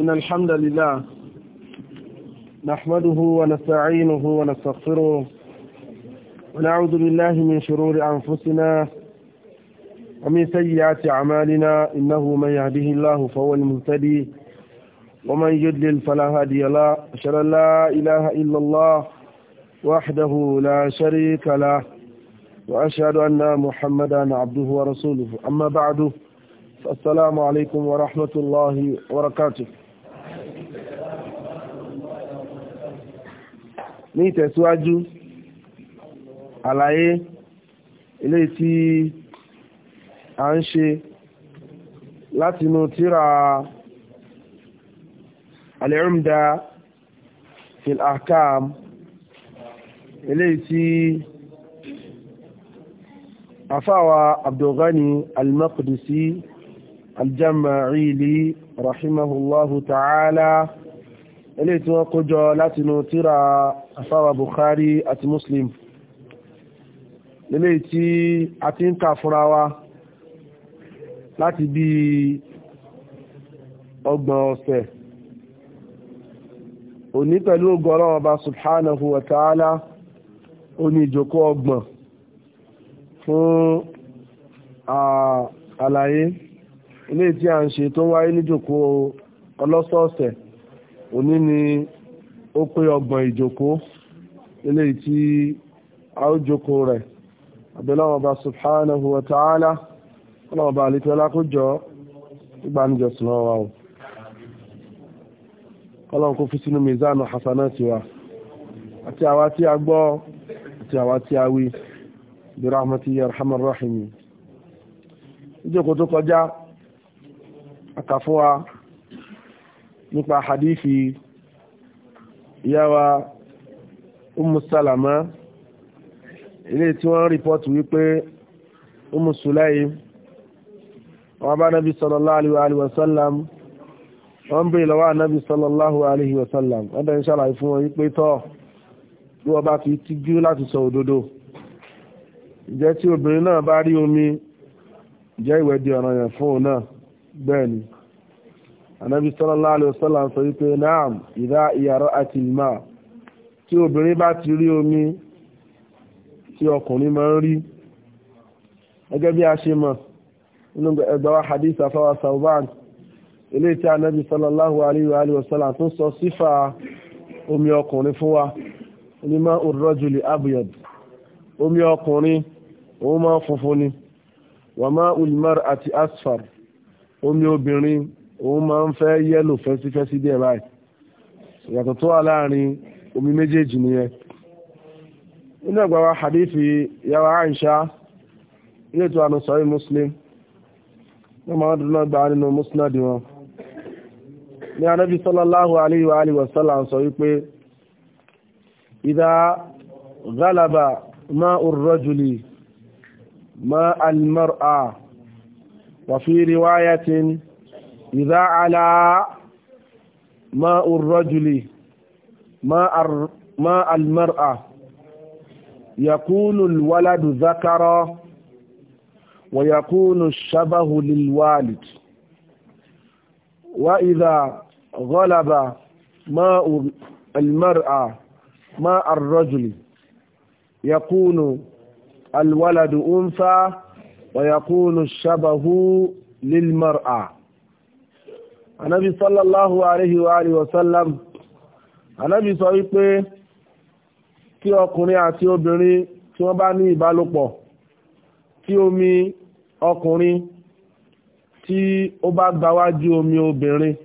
إن الحمد لله نحمده ونستعينه ونستغفره ونعوذ بالله من شرور أنفسنا ومن سيئات أعمالنا إنه من يهده الله فهو المهتدي ومن يدلل فلا هادي لا أشهد لا إله إلا الله وحده لا شريك له وأشهد أن محمدا عبده ورسوله أما بعد فالسلام عليكم ورحمة الله وبركاته ní ìtẹ̀síwájú àlàyé ilé tí a ń ṣe látinú tíra al-Umda fil ahkam ilé tí afáwa Abdulghani al-Maqdisi al rahimahullahu ta'ala. ta'ala eléyìí tí wọ́n kójọ látinú tíra afáwà Bukhari àti Muslim eléyìí tí a ti ń kà fúnra wa láti bí ọgbọ̀n ọ̀sẹ̀ òní pẹ̀lú ògọ́rọ̀ ọba subhanahu wa ta'ala ó ní ìjókòó ọgbọ̀n fún àlàyé eléyìí tí a ń ṣe tó wáyé níjókòó ọlọ́sọ̀ọ̀sẹ̀ òní ni ó pé ọgbọ̀n ìjòkó eléyìí tí a ó jókòó rẹ̀ abẹ́láwọn ọba subhanahu wa ta'ala ọlọ́wọ́ ọba àlejò alákójọ ìgbanijọsìn náà wà ó ọlọ́run kó fi sínú mizanu hasanati wa àti àwa tí a gbọ́ àti àwa tí a wí bí rahmatu yarhamar rahim ìjòkó tó kọjá àkàfún wa nípa hadithi yawa umu salama ilé tí wọ́n rìpọ́tù wípé umu sulaim bá nabi sallallahu alaihi wasallam wọ́n bèèrè lọ́wọ́ nabi sallallahu alaihi wasallam wọ́n bẹ̀rẹ̀ ṣàlàyé fún wọn wípé tọ́ bí wọ́n bá fi tijú láti sọ òdodo ìjẹ́ tí obìnrin náà bá rí omi jẹ́ ìwẹ̀dì ọ̀ranyàn fún òun náà bẹ́ẹ̀ ni anábì sallallahu alaihi wasallam sọ wípé naam ìdá ìyàrá àti ìmá tí obìnrin bá ti rí omi tí ọkùnrin máa ń rí gẹ́gẹ́ bí a ṣe mọ̀ nínú ẹgbẹ̀wá hadith afáwà salvan ilé tí anábì sallallahu alaihi wasallam tó sọ sífà omi ọkùnrin fún wa onímọ̀ òrọ́jùlì abuyad omi ọkùnrin òun máa funfun ni wàmá ulmar àti asfar omi obìnrin òun máa ń fẹ́ yẹ́lò fẹ́sífẹ́sí díẹ̀ báyìí ìyàtọ̀ tó wà láàrin omi méjèèjì nìyẹn nínú ẹgbẹ́ wa hadithi yàrá àìṣá ilé tó muslim wọ́n máa ń dúró gbà nínú musnad wọn ní anábì sallallahu alayhi wa alihi wa sallam sọ wípé ìdá ma ma'u ar ma ma'a a. mara wa إذا على ماء الرجل ماء, ماء المرأة يكون الولد ذكرا ويكون الشبه للوالد وإذا غلب ماء المرأة ماء الرجل يكون الولد أنثى ويكون الشبه للمرأة anábi sallallahu alayhi wa alihi wa sallam anábi sọ wípé kí ọkùnrin àti obìnrin tí wọ́n bá ní ìbálòpọ̀ tí omi ọkùnrin tí ó bá gbáwájú omi obìnrin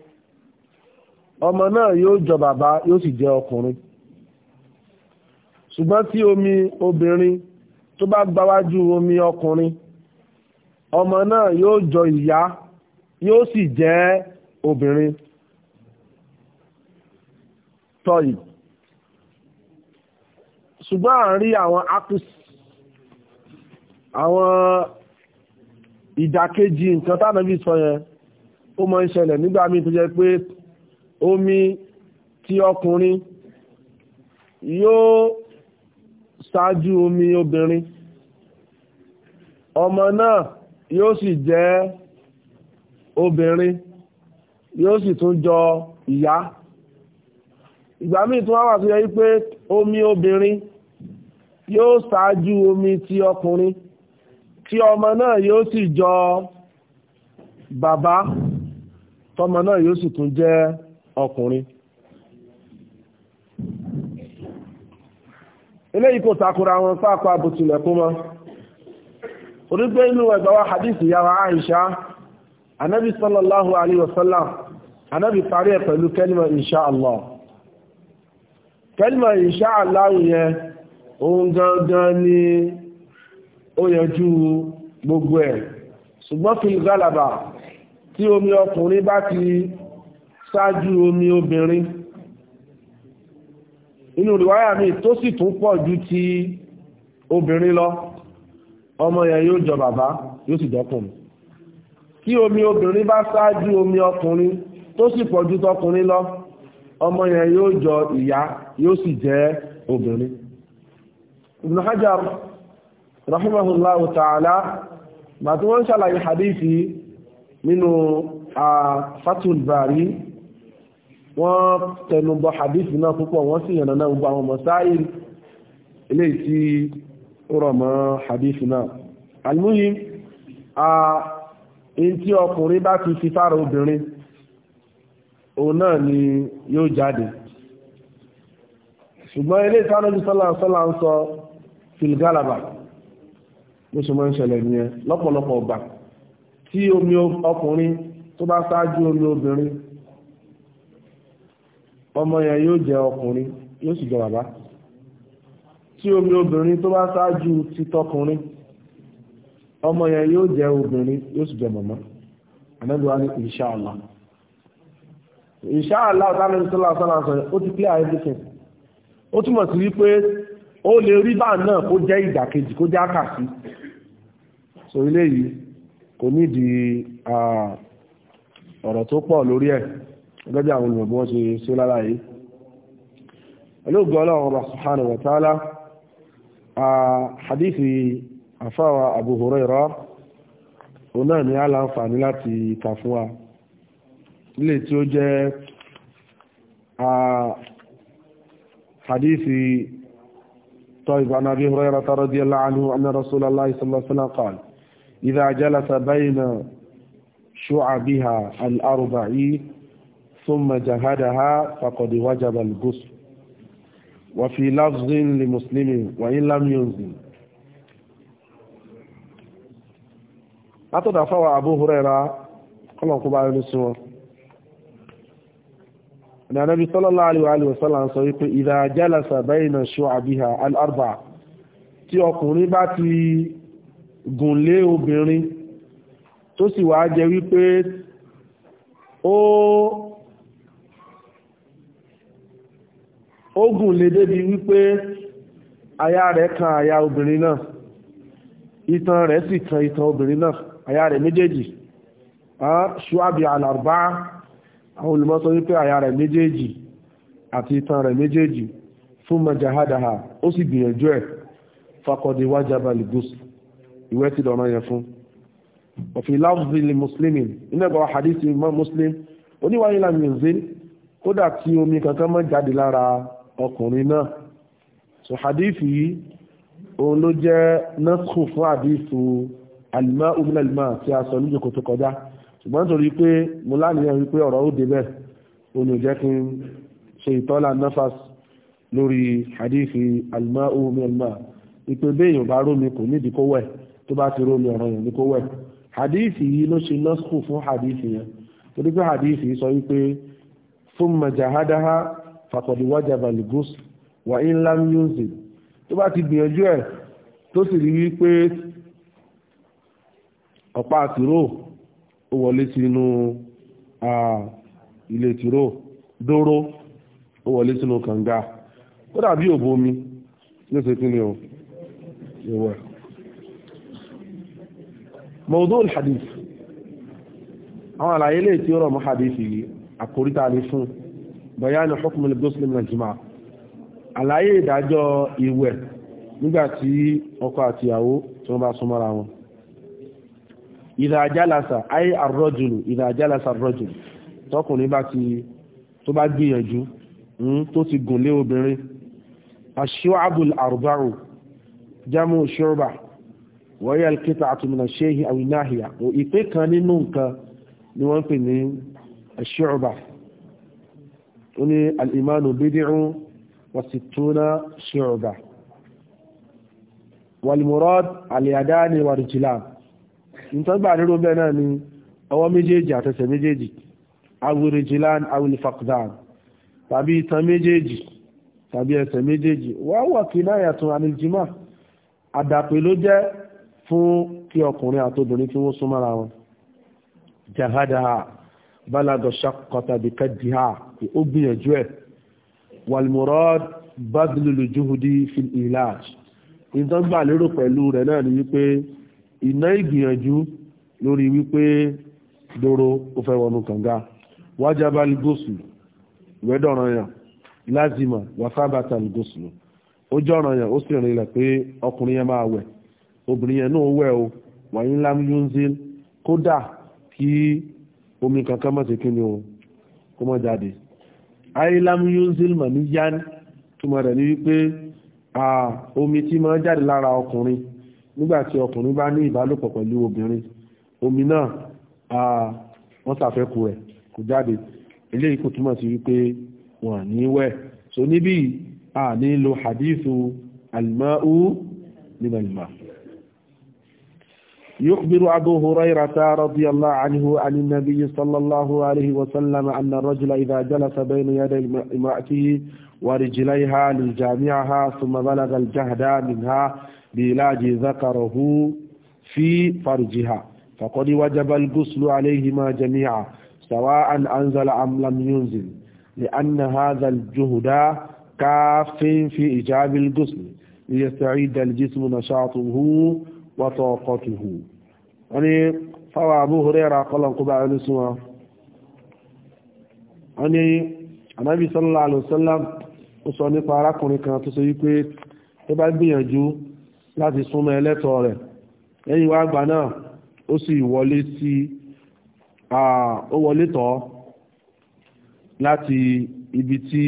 ọmọ náà yóò jọ bàbá yóò sì jẹ́ ọkùnrin ṣùgbọ́n tí omi obìnrin tó bá gbáwájú omi ọkùnrin ọmọ náà yóò jọ ìyá yóò sì jẹ́ obìnrin tọ́yì ṣùgbọ́n à rí àwọn apis àwọn ìdàkejì nǹkan tánàbí sọ yẹn ó mọ́ ń nígbà míì tó jẹ pé omi tí ọkùnrin yóò ṣáájú omi obìnrin ọmọ náà yóò sì jẹ́ obìnrin yóò sì tún jọ ìyá ìgbà míì tún wá wà tó yẹ wípé omi obìnrin yóò ṣáájú omi ti ọkùnrin tí ọmọ náà yóò sì jọ bàbá tọmọ náà yóò sì tún jẹ́ ọkùnrin eléyìí kò takora wọn pàápàá bùtùlẹ̀kún mọ́ orí pé inú ẹgbẹ́ wa hadith ìyá wa Aisha anabi sallallahu alayhi wa sallam anábì parí ẹ̀ pẹ̀lú kẹ́lìmọ̀ inṣáàlá kẹ́lìmọ̀ inṣáàlá yẹn ohun gangan ni ó yanjú gbogbo ẹ̀ ṣùgbọ́n fi gálàbà tí omi ọkùnrin bá ti ṣáájú omi obìnrin inú ìwáyà mi tó sì tún pọ̀ ju ti obìnrin lọ ọmọ yẹn yóò jọ bàbá yóò sì jọkùnrin tí omi obìnrin bá ṣáájú omi ọkùnrin tó sì pọ̀jù tọkùnrin lọ ọmọ yẹn yóò jọ ìyá yóò sì jẹ́ obìnrin Ibn Hajar rahimahullahu ta'ala bàtí wọ́n ṣàlàyé hadithi nínú Fathul Bari wọ́n tẹnubọ̀ hadithi náà púpọ̀ wọ́n sì yànnà náà gbogbo àwọn masáìl ilé tí ó rọ̀ mọ́ hadithi náà almuhim a in tí ọkùnrin bá ti fi sára obìnrin òun náà ni yóò jáde ṣùgbọ́n ilé ìtànàjú sọ́là ń sọ filgalaba bó ṣe máa ń ṣẹlẹ̀ nìyẹn lọ́pọ̀lọpọ̀ ọgbà tí omi ọkùnrin tó bá ṣáájú omi obìnrin ọmọ yẹn yóò jẹ ọkùnrin yóò sì jẹ bàbá tí omi obìnrin tó bá ṣáájú títọkùnrin ọmọ yẹn yóò jẹ obìnrin yóò sì jẹ màmá ànágbèwá ní insha Inshallah, ìṣáàlá ọ̀tánàbí sọ́lá sọ́lá sọ O ti clear everything O ó túmọ̀ sí wípé ó lè rí bá náà kó jẹ́ ìdàkejì kó jẹ́ àkàsí so ilé yìí kò nídìí ọ̀rọ̀ tó pọ̀ lórí ẹ̀ gẹ́gẹ́ bí àwọn olùgbọ́n ṣe ṣe lára yìí olóògbé ọlọ́run ọba subhanahu wa a hadithi afáwa Abu Hurairah òun náà ni a láǹfààní láti kà fún wa ilé tí ó jẹ́ hadithi طيب عن أبي هريرة رضي الله عنه أن رسول الله صلى الله عليه وسلم قال إذا جلس بين شعبها الأربع ثم جهدها فقد وجب الغسل وفي لفظ لمسلم وإن لم ينزل أتدفع أبو هريرة قال لكم بعد السؤال ní anábi sallallahu alaihi wasallam sọ wípé idha jalasa bayna shu'abiha al-arba'a tí ọkùnrin bá ti gùn lé obìnrin tó sì wá jẹ wípé ó ó gùn lé débi wípé aya rẹ̀ kan aya obìnrin náà itan rẹ̀ sì kan itan obìnrin náà aya rẹ̀ méjèèjì ṣùábì ah, al-arba'a àwọn olùmọ́sọ wípé àyà rẹ̀ méjèèjì àti itan rẹ̀ méjèèjì fún majahadaha ó sì gbìyànjú ẹ̀ fakọ̀dé wájaba lìgúsù ìwẹ̀ ti dọ̀nà yẹn fún òfin láwùzílì mùsùlùmí nígbà hadith muslim oníwáyé la mìíràn kódà tí omi kankan mọ́ jáde lára ọkùnrin náà so hadith yìí òun ló jẹ́ nọ́ọ̀kù fún hadith alimá umar alimá tí a níjòkó tó kọjá ṣùgbọ́n torí pé mo láníyàn wípé ọ̀rọ̀ ó débẹ̀ ó ní jẹ́ kí n ṣe ìtọ́lá nafas lórí hadithi alma omi alma ìpè béèyàn bá rómi kò nídìí kó wẹ̀ tó bá ti rómi ọ̀rọ̀ yẹn ní kó wẹ̀ hadithi yìí ló ṣe nọ́sùkù fún hadithi yẹn torí pé hadithi sọ wípé thumma jahadaha faqad wajaba al-ghusl wa in lam tó bá ti gbìyànjú ẹ̀ tó sì rí wípé ọ̀pá àtìró ó wọlé sínú ilé tìró dóró ó wọlé sínú kànga ó dàbí òbó omi ló ṣe kíni o ìwọ̀ mawdu' al-hadith àwọn àlàyé lè tí ó rọ̀ mọ́ hadith yìí àkóríta ní fún bayani hukm al-ghusl min àlàyé ìdájọ́ ìwẹ̀ nígbàtí ọkọ àtìyàwó tí wọ́n bá súnmọ́ra wọn ìdá jálásà ayé àrọ́jùlù ìdá jálásà rọ́jùlù tọkùnrin bá ti tó bá gbìyànjú hmm, tó ti gùn lé obìnrin aṣọ́àbùl àrùbárù jámù ṣọ́ọ̀bà wọ́yẹ̀ alkita àtùmìnà ṣéhì àwìnáhìyà ìpé kan nínú nǹkan ni wọ́n pè ní aṣọ́ọ̀bà ó ní alìmánu bídìrún wàsìtúnà ṣọ́ọ̀bà wàlmùrọ́d àlìyàdáni wàrìjìláàmù ìtọ́gbà nírò bẹ́ẹ̀ náà ni ọwọ́ méjèèjì àtẹsẹ̀ méjèèjì awurijilan awilifakdan tàbí itan méjèèjì tàbí ẹsẹ̀ méjèèjì wọ́n wọ̀ kí náà yàtọ̀ àníjìmá àdàpè ló jẹ́ fún kí ọkùnrin àtobìnrin kí wọ́n súnmọ́ra wọn jahadaha balagọ ṣakọta bí ó gbìyànjú ẹ̀ walmurad badlulu juhudi fil ilaj ìtọ́gbà lérò pẹ̀lú rẹ̀ náà ni wípé ìná ìgbìyànjú lórí wípé doro ó fẹ́ wọnú kànga wájábá lgósù ìwẹ́dọ̀ranyàn lázìmọ̀ wàsábàtà lgósù ó jọ̀ranyàn ó sì rìnlẹ̀ pé ọkùnrin yẹn máa wẹ̀ obìnrin yẹn náà wẹ̀ o wàyí ńlá yunzil kódà kí omi kankan mọ̀ sí kí ni o kó mọ̀ jáde àìlám yunzil mọ̀ ní yán túmọ̀ rẹ̀ ní wípé omi tí máa jáde lára ọkùnrin nígbà tí ọkùnrin bá ní ìbálòpọ̀ pẹ̀lú obìnrin omi náà wọ́n ṣàfẹ́kù rẹ̀ kò jáde eléyìí kò túmọ̀ sí wípé wọ́n ní wẹ̀ so níbí a ní lo hadithu alma'u min يخبر أبو هريرة رضي الله عنه عن النبي صلى الله عليه وسلم أن الرجل إذا جلس بين يدي امرأته ورجليها لجامعها ثم بلغ الجهد منها بعلاج ذكره في فرجها فقد وجب الغسل عليهما جميعا سواء أنزل أم لم ينزل لأن هذا الجهد كاف في إيجاب الغسل ليستعيد الجسم نشاطه وطاقته أني فهو أبو هريرة قال قبع الاسماء يعني النبي صلى الله عليه وسلم ó sọ nípa arákùnrin kan tó láti súnmọ́ ẹlẹ́tọ̀ rẹ̀ lẹ́yìn wá gbà náà ó sì wọlé sí ó wọlé ibi ti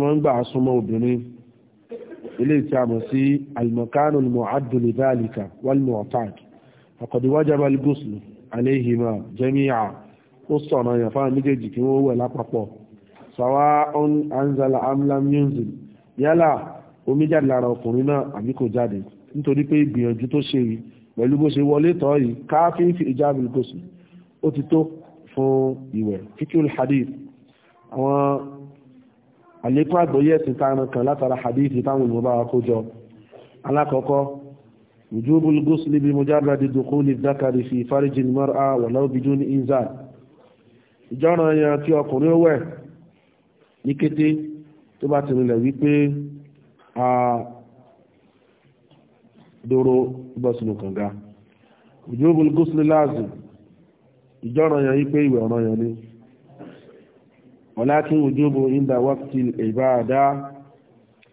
máa ń gbà súnmọ́ obìnrin ilé a sí alimọ̀kánù ni mo àdùnlé dáàlìkà wálìmọ̀ ọ̀tàd àkọ̀díwájà bá lùgùsù aléhìmọ̀ jẹ́míà ó sọ̀rọ̀ yàn fáwọn méjèèjì kí wọ́n wẹ̀ lápapọ̀ anzala amlam yunzil yálà omi jáde lára ọkùnrin náà àbí kò jáde nítorí pé ìgbìyànjú tó ṣe yìí pẹ̀lú bó ṣe wọlé tọ́ yìí káfíń fi ìjábìl gòsì ó ti tó fún ìwẹ̀ fíkúl hadith àwọn àlékún àgbóyẹ̀ ti tààrà kan látara hadith táwọn olùmọ̀bá wa kó jọ alákọ̀ọ́kọ́ وجوب الغسل بمجرد دخول الذكر في فرج المرأة ولو بدون إنزال ìjọ́ràn yẹn tí ọkùnrin ó wẹ̀ ní kété tó bá ti rìnlẹ̀ wípé a dòrò bọ́ sínú kànga ìjọba olùgbòsílẹ̀ láàzù ìjọ́ranyàn yí pé ìwẹ̀ ọ̀ranyàn ni ọ̀láàkí ìjọba inda wákìtì ìbáadá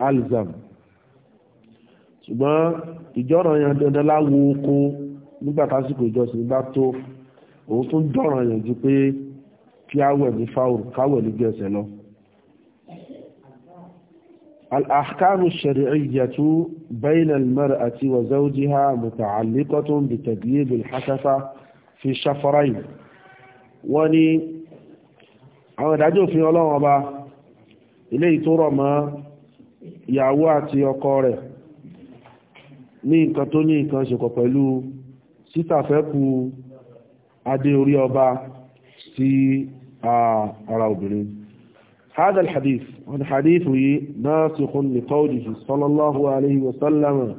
alzam ṣùgbọ́n ìjọ́ranyàn dandan láwo oko nígbà tásìkò ìjọsìn bá tó òun tún jọ́ranyàn ju pé kí á wẹ̀ ní fáwọn káwẹ̀ ní gẹ̀ẹ́sẹ̀ lọ الأحكام الشرعية بين المرأة وزوجها متعلقة بتجليد الحشفة في الشفرين وني àwọn ìdájọ́ òfin ọlọ́run ọba ilé ìtòrọ̀ mọ́ ìyàwó àti ọkọ rẹ̀ ní nǹkan tó ní nǹkan ṣekọ̀ pẹ̀lú sítàfẹ́kù adé orí ọba sí ara obìnrin هذا الحديث والحديث ناسخ لقوله صلى الله عليه وسلم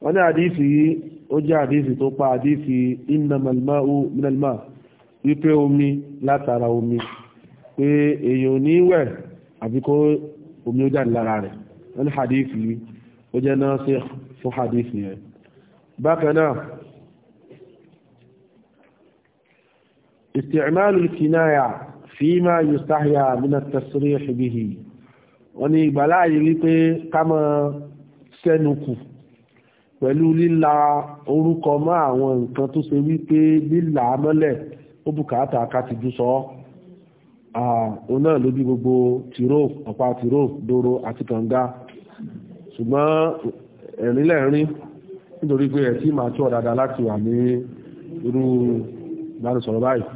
وانا حديثي وجاء حديثي توقع حديثي إنما الماء من الماء wípé omi látara omi pé èèyàn ní wẹ̀ àbí kó omi ó jáde lára rẹ̀ wọ́n ní hadithi yìí ó jẹ́ náà sí fún hadithi yẹn bákan náà isti'malu al-kinaya fíìmà yustahya mina tasirih bihi wọ́n ní ìgbàláàyè wípé ká mọ́ sẹ́nukù pẹ̀lú líla orúkọ mọ́ àwọn nǹkan tó ṣe wípé líla mọ́lẹ̀ ó bùkátà ká ti jú sọ òun náà lójú gbogbo tìró ọ̀pá tìró dòrò àti kànga ṣùgbọ́n ẹ̀rín lẹ́rin nítorí pé ẹ̀tí màá tí ọ̀dàdà láti wà ní irú ìbánisọ̀rọ̀ báyìí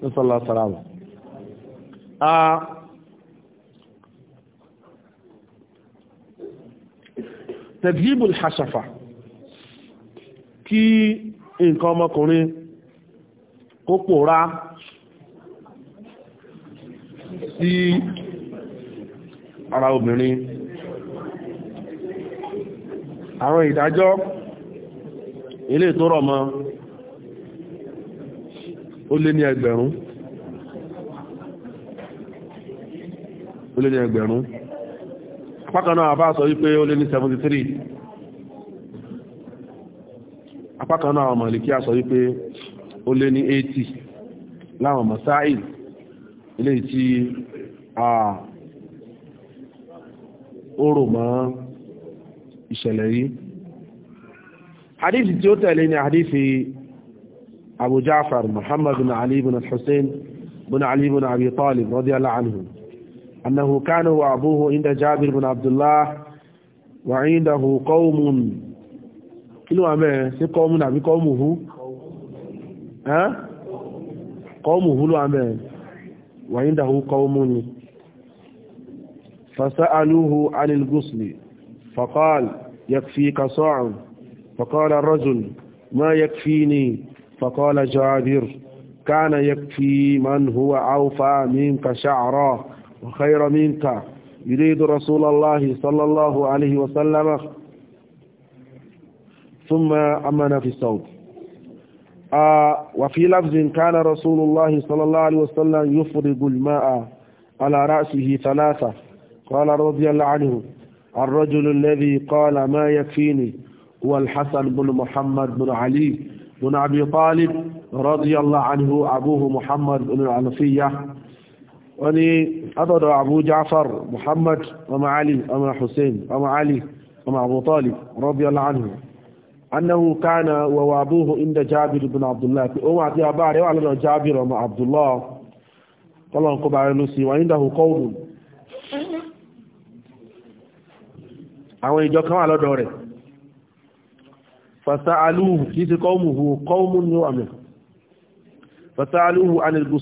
ní sọ́lá sara wọn tẹ̀dìbùl hasafa kí nǹkan ọmọkùnrin kó pòórá sí ara obìnrin àwọn ìdájọ́ ilé tó rọ̀ mọ́ ó lé ní ẹgbẹ̀rún ó lé ní ẹgbẹ̀rún apákanáà àbá sọ wípé ó lé ní 73 apákanáà àwọn màlìkí sọ wípé ó lé ní 80 láwọn masáì ilé tí a ó rò mọ́ ìṣẹ̀lẹ̀ yìí hadithi tí ó tẹ̀lé ní hadithi abu jafar muhammad bin ali bin hussein bin ali bin abi talib radiyallahu anhu أنه كان وأبوه عند جابر بن عبد الله وعنده قوم كيلو أمين سي قوم نبي قومه ها قومه لو أمين وعنده قوم فسألوه عن الغسل فقال يكفيك صاع فقال الرجل ما يكفيني فقال جابر كان يكفي من هو أوفى منك شعرا وخير منك يريد رسول الله صلى الله عليه وسلم ثم أمن في الصوت آه وفي لفظ كان رسول الله صلى الله عليه وسلم يفرق الماء على رأسه ثلاثة قال رضي الله عنه الرجل الذي قال ما يكفيني هو الحسن بن محمد بن علي بن أبي طالب رضي الله عنه أبوه محمد بن العنفية wọ́n ní atọ́dọ̀ abu jafar muhammad ọmọ ali ọmọ hussein ọmọ ali ọmọ abu talib radiyallahu anhu annahu kana wa wabuhu inda jabir ibn abdullah pé òun àti bàbá rẹ̀ wà lọ́dọ̀ jabir ọmọ abdullah tọ́lọ́n kó bá rẹnu sí wà nídàá qawlu àwọn ìjọ kan wà lọ́dọ̀ rẹ̀ fasa'aluhu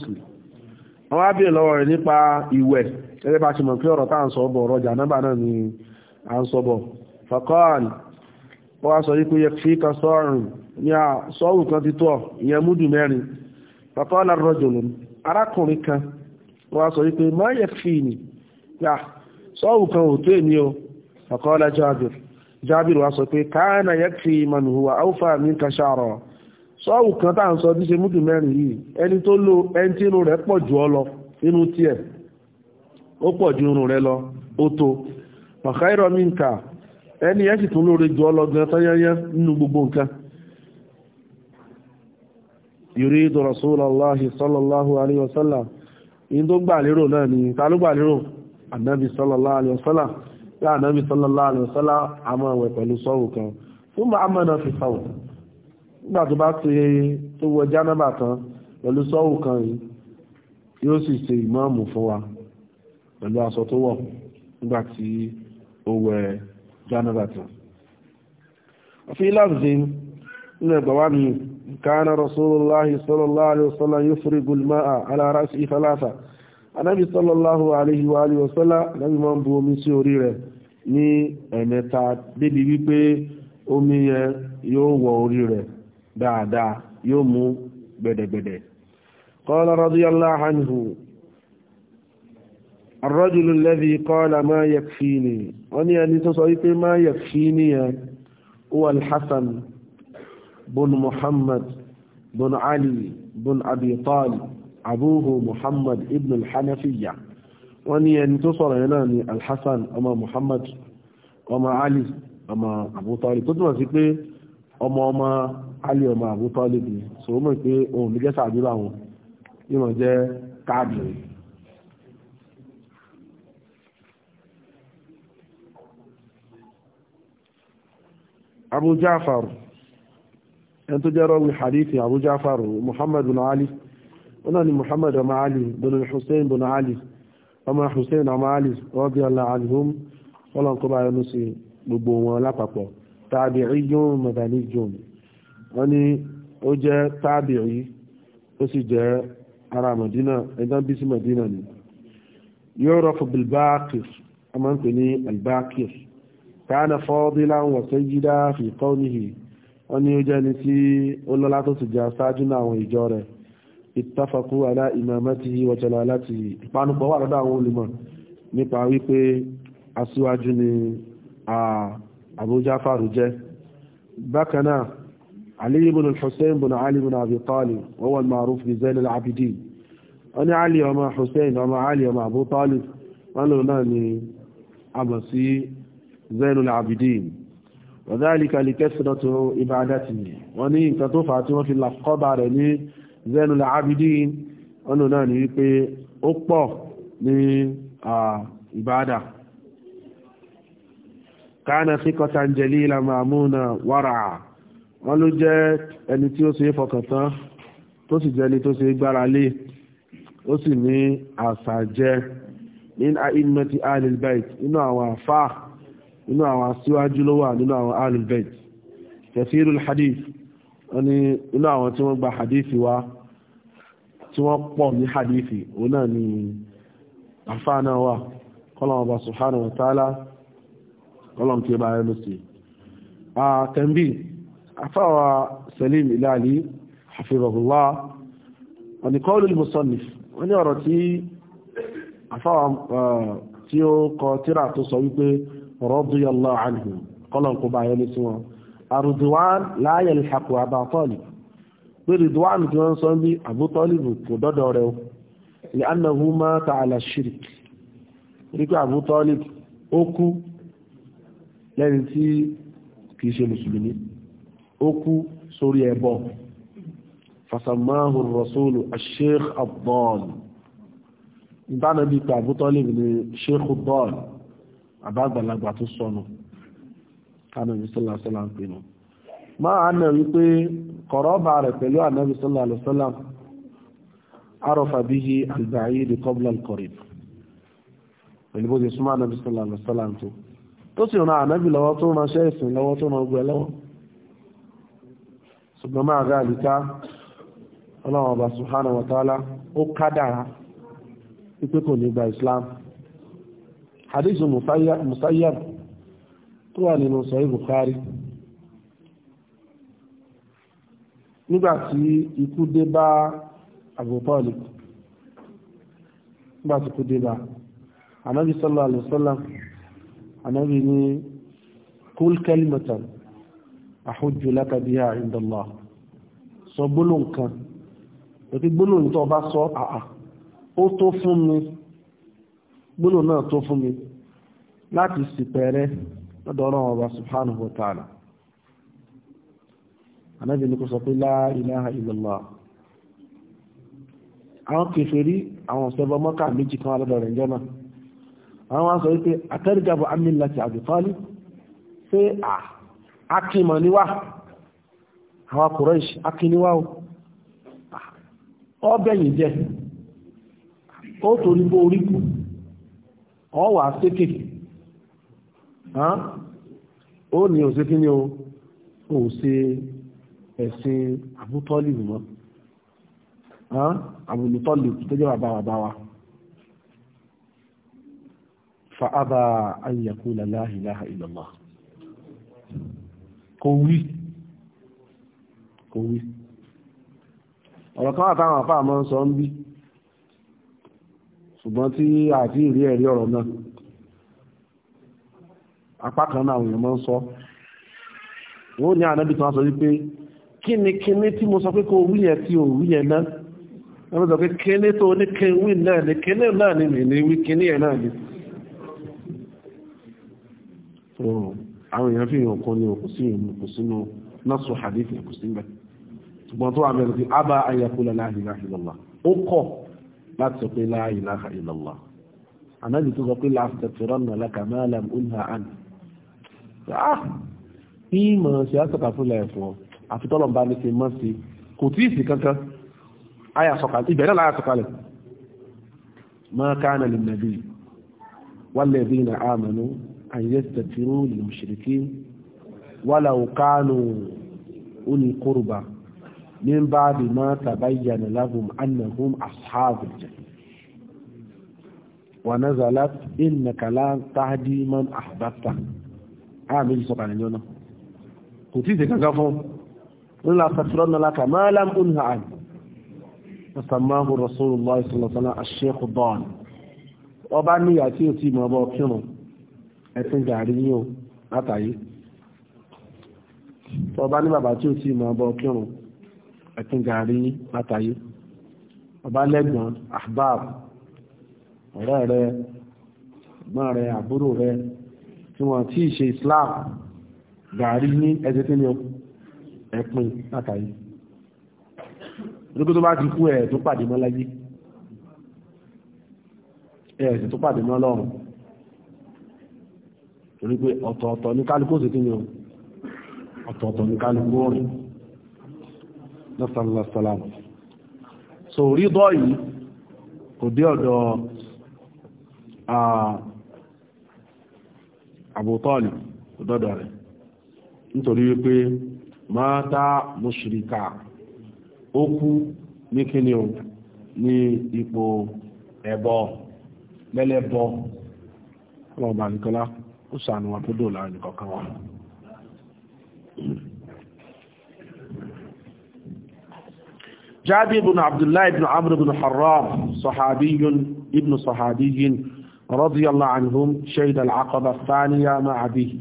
wọ́n wá bèèrè lọ́wọ́ rẹ̀ nípa ìwẹ̀ gẹ́gẹ́ bá ṣe mọ̀ pé ọ̀rọ̀ tá à ń sọ bọ̀ ọ̀rọ̀ jànábà náà ni à ń sọ bọ̀ sọ yẹ fi kan sọ́ọ̀rùn ní à sọ́ọ̀rùn kan ti tọ̀ ìyẹn múdù mẹ́rin arákùnrin kan sọ yí má yẹ fi kan ò tó èmi o wá sọ pé yẹ fi sọ́ọ̀wù kan tá à ń sọ bí ṣe múdù mẹ́rin yìí lo ẹni tí irun rẹ̀ pọ̀ jù ọ lọ inú tiẹ̀ ó pọ̀ ju irun rẹ̀ lọ ó tó ọ̀káìrọ̀ mi nkà ẹni ẹ̀ sì tún lóore jù ọ lọ gan tányányá gbogbo nǹkan. yuridu rasulallahi sallallahu alayhi wa sallam yìí tó gbà lérò náà ni ta ló gbà lérò anabi yá anabi nígbà tó bá ti tó wọ jánábà tán pẹ̀lú sọ́wù kan yìí yóò sì ṣe ìmáàmù fún wa pẹ̀lú aṣọ tó wọ̀ nígbà tí ó wẹ jánábà tán. fi láti nínú ẹgbà wá ní kánà rasulullahi sallallahu alaihi wasallam yufrigu al ala ra'si thalatha anábì sallallahu alaihi wa alihi anábì máa ń bu omi sí orí rẹ̀ ní ẹ̀mẹ́ta débi wípé omi yẹn yóò wọ orí rẹ̀ dáadáa yóò mú gbẹ̀dẹ̀gbẹ̀dẹ̀ qala radiyallahu anhu ar-rajulu alladhi qala ma yakfini wọ́n ní ẹni tó sọ wípé ma yakfini yẹn huwa al-Hasan bun Muhammad bun Ali bun Abi Talib abuhu Muhammad ibn al-Hanafiyya wọ́n ní ẹni tó sọ̀rọ̀ yẹn náà ni al-Hasan ọmọ Muhammad ọmọ Ali ọmọ Abu Talib tó túnmọ̀ sí pé ọmọ ọmọ Ali ọmọ Abu Talib so ó mọ̀ pé òun ní gẹ́sà àdúrà wọn ìwọ̀n jẹ́ káàdì rẹ̀ Abu Ja'far ẹni tó jẹ́ rọ́wì hadithi Abu Ja'far Muhammad bin Ali ọ̀nà ni Muhammad ọmọ Ali bin Hussein bin Ali ọmọ Hussein ọmọ Ali radiyallahu anhum ọlọ́nkọ́ bá sí gbogbo wọn lápapọ̀ tàbí ríjún mọ̀dánì jùn wọ́n ní ó jẹ́ tábìí ó sì jẹ́ ara Madina ẹ̀dán bí sí Madina ni yurafu bilbaqir a máa ń pè ní albaqir kana fadilan wa sayyida fi qawmihi wọ́n ní ó jẹ́ ni tí ó lọ́lá tó sì jẹ́ aṣáájú náà àwọn ìjọ rẹ̀ ittafaqu ala imamatihi wa jalalatihi ìpanupọ̀ wà lọ́dọ̀ àwọn olùmọ̀ nípa wípé aṣíwájú ni Abu Ja'far jẹ́ bákan náà علي بن الحسين بن علي بن أبي طالب وهو المعروف بزين العابدين أنا علي وما حسين وما علي وما أبو طالب أنا ناني أمسي زين العابدين وذلك لكثرة عبادته وأني كتوفعت في اللفقة بعدني زين العابدين أنا ناني بي أقبع ni ìbádà كان ثقة جليلة مأمونا ورعا wọ́n ló jẹ́ ẹni tí ó ṣe é fọkàn tán tó sì jẹ́ ẹni tó ṣe é gbára lé ó sì ní àṣàjẹ́ min a'immati ahlul bait nínú àwọn àfà nínú àwọn aṣíwájú ló wà nínú àwọn ahlul bait kathirul hadith wọ́n ní nínú àwọn tí wọ́n gba hadith wa tí wọ́n pọ̀ ní hadith òun náà ni àfà náà wà kọ́lọ̀wọ̀ bá subhanahu wa ta'ala kọ́lọ̀ kí ó bá rẹ̀ lọ́sí. àtẹ̀mbì ah, afáwa Salim Ilali hafizahullah wọ́n ni kọ́ọ̀lù musannif wọ́n ní ọ̀rọ̀ tí afáwa tí ó kọ tíra tó sọ wípé radiyallahu anhu kọ́lọ̀ kó bá yẹn sí wọn àrùdùwán láàyè ìhàkù Abu Talib pé rìdùwán tí wọ́n sọ bí Abu kìí ṣe mùsùlùmí ó kú sórí ẹbọ fasamahu rasulu asheikh abdul ìbánabi pé abútọ́lì ní sheikh abdul àbágbàlagbà tó sọnù kánàbí sọ́lá sọ́lá ń pinnu máa nà wípé kọ̀rọ̀bà rẹ̀ pẹ̀lú ànábì sọ́lá alẹ́sọ́lá arọ́fà bí i àgbáyé di kọ́bùlà kọ̀rìb pẹ̀lú bó ti súnmọ́ ànábì sọ́lá alẹ́sọ́lá tó tó sì ràn ànábì lọ́wọ́ tó ránṣẹ́ ìsìn lọ́wọ́ tó ràn ọgbẹ́ lọ́wọ́ ṣùgbọ́n máa rá àlìká ọlọ́run ọba subhanahu wa ta'ala ó kádàrá wípé kò ní gba islam hadith musayyab tó wà nínú sahih bukhari nígbàtí ikú dé bá Abu Talib nígbàtí ikú dé bá anábi sallallahu alaihi wasallam ní kul àhójú lákàbí àìndọ̀lá sọ gbólóhùn kan pẹ̀lú gbólóhùn tó bá sọ àà ó tó fún mi gbólóhùn náà tó fún mi láti sìpẹ̀rẹ́ lọ́dọ̀ ọlọ́run ọba subhanahu wa ta'ala anábì ní kò sọ pé la ilaha illallah àwọn kèfèrí àwọn ọ̀sẹ̀ bọ́mọ́kà méjì kan alọ́dọ̀ rẹ̀ jọ náà àwọn wá sọ wípé atẹ́rìgàbọ̀ amílàtì àbùkálí ṣé à ah, Akima ni akímọ̀ níwá àwọn ni akíníwá o bẹ̀yìn jẹ́ ó torí bó orí kù ọ wà sékè ni ní òsèkè ni o ò ṣe ẹ̀sìn àbútọ́lì mọ́ àbúlùtọ́lì tó jẹ́ bàbá bàbá wa fa abà an yakuna la ilaha illallah kò wí kò wí ọ̀rọ̀ kan àtàwọn àfáà mọ́ ń sọ ń bí ṣùgbọ́n tí àti ìrí ẹ̀rí ọ̀rọ̀ náà apá kan náà àwọn èèyàn mọ́ ń sọ wọ́n ní ànábì tí wọ́n sọ wípé kí ni kíní tí mo sọ pé kò wí yẹn tí ò wí yẹn náà wọ́n sọ pé kíní tó ní kíní náà ni kíní náà ni mi ní wí kíní yẹn náà ni àwọn èèyàn fi hàn kan ní òkú sí ìmú kò sínú násù hadith ẹ̀kú síbẹ̀ ṣùgbọ́n tó wà bẹ̀rẹ̀ pé abba ayakula la ilaha illallah ó kọ̀ láti sọ pé la ilaha illallah anábì tó sọ pé la astaghfiranna laka ma lam unha an ah! bí mọ̀ ṣe àṣọkà fúnlẹ̀ ẹ̀fọ́ àfitọ́lọ̀ bá ní ṣe mọ́ sí àyẹ́sẹ̀tìrú ìlúmṣìríkí wàlà òkánù òní kórùbà ní bá di máa tàbáyàn lágùn annahum ashabul jannah wa nazalat innaka la tahdi man ahbabta àmì ìsọ̀kànlẹ̀ ní ọ̀nà kò tí ìsẹ̀kànká fún nílá sàfirọ́nà láka máa ما unha àmì musamman rasulullah sallallahu alaihi wasallam ash-shaykh dan ọba níyà tí ó ti mọ̀ bọ́ ẹ̀sìn gàrí yìí o látàyé tó bá ní bàbá tí ó ti mọ̀ ọbọ kírun ẹ̀sìn gàrí látàyé ọba lẹ́gbọ̀n ahbab ọ̀rẹ́ rẹ ẹ̀gbọ́n rẹ àbúrò rẹ tí wọ́n tí ṣe Islam gàrí ní ẹsẹ̀ tí ni ó ẹ̀pin látàyé nígbà tó bá ti kú ẹ̀ tó pàdé mọ́ láyé ẹ̀ tó pàdé mọ́ lọ́rùn torí pé ọ̀tọ̀ọ̀tọ̀ ní kálukú sí kí ni o ọ̀tọ̀ọ̀tọ̀ ní kálukú rìn lọ́sàlọ́sàlámù so rídọ́ yìí kò dé ọ̀dọ̀ Abu Talib rẹ̀ nítorí wípé ní kí ni wa tó wa. جابر بن عبد الله بن عمرو بن حرام صحابي ابن صحابي رضي الله عنهم شهد العقبة الثانية مع به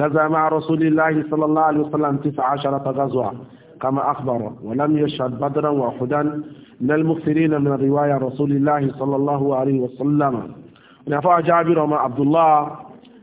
غزا مع رسول الله صلى الله عليه وسلم تسع عشرة غزوة كما أخبر ولم يشهد بدرا وأحدا من المكثرين من رواية رسول الله صلى الله عليه وسلم ونفع جابر وما عبد الله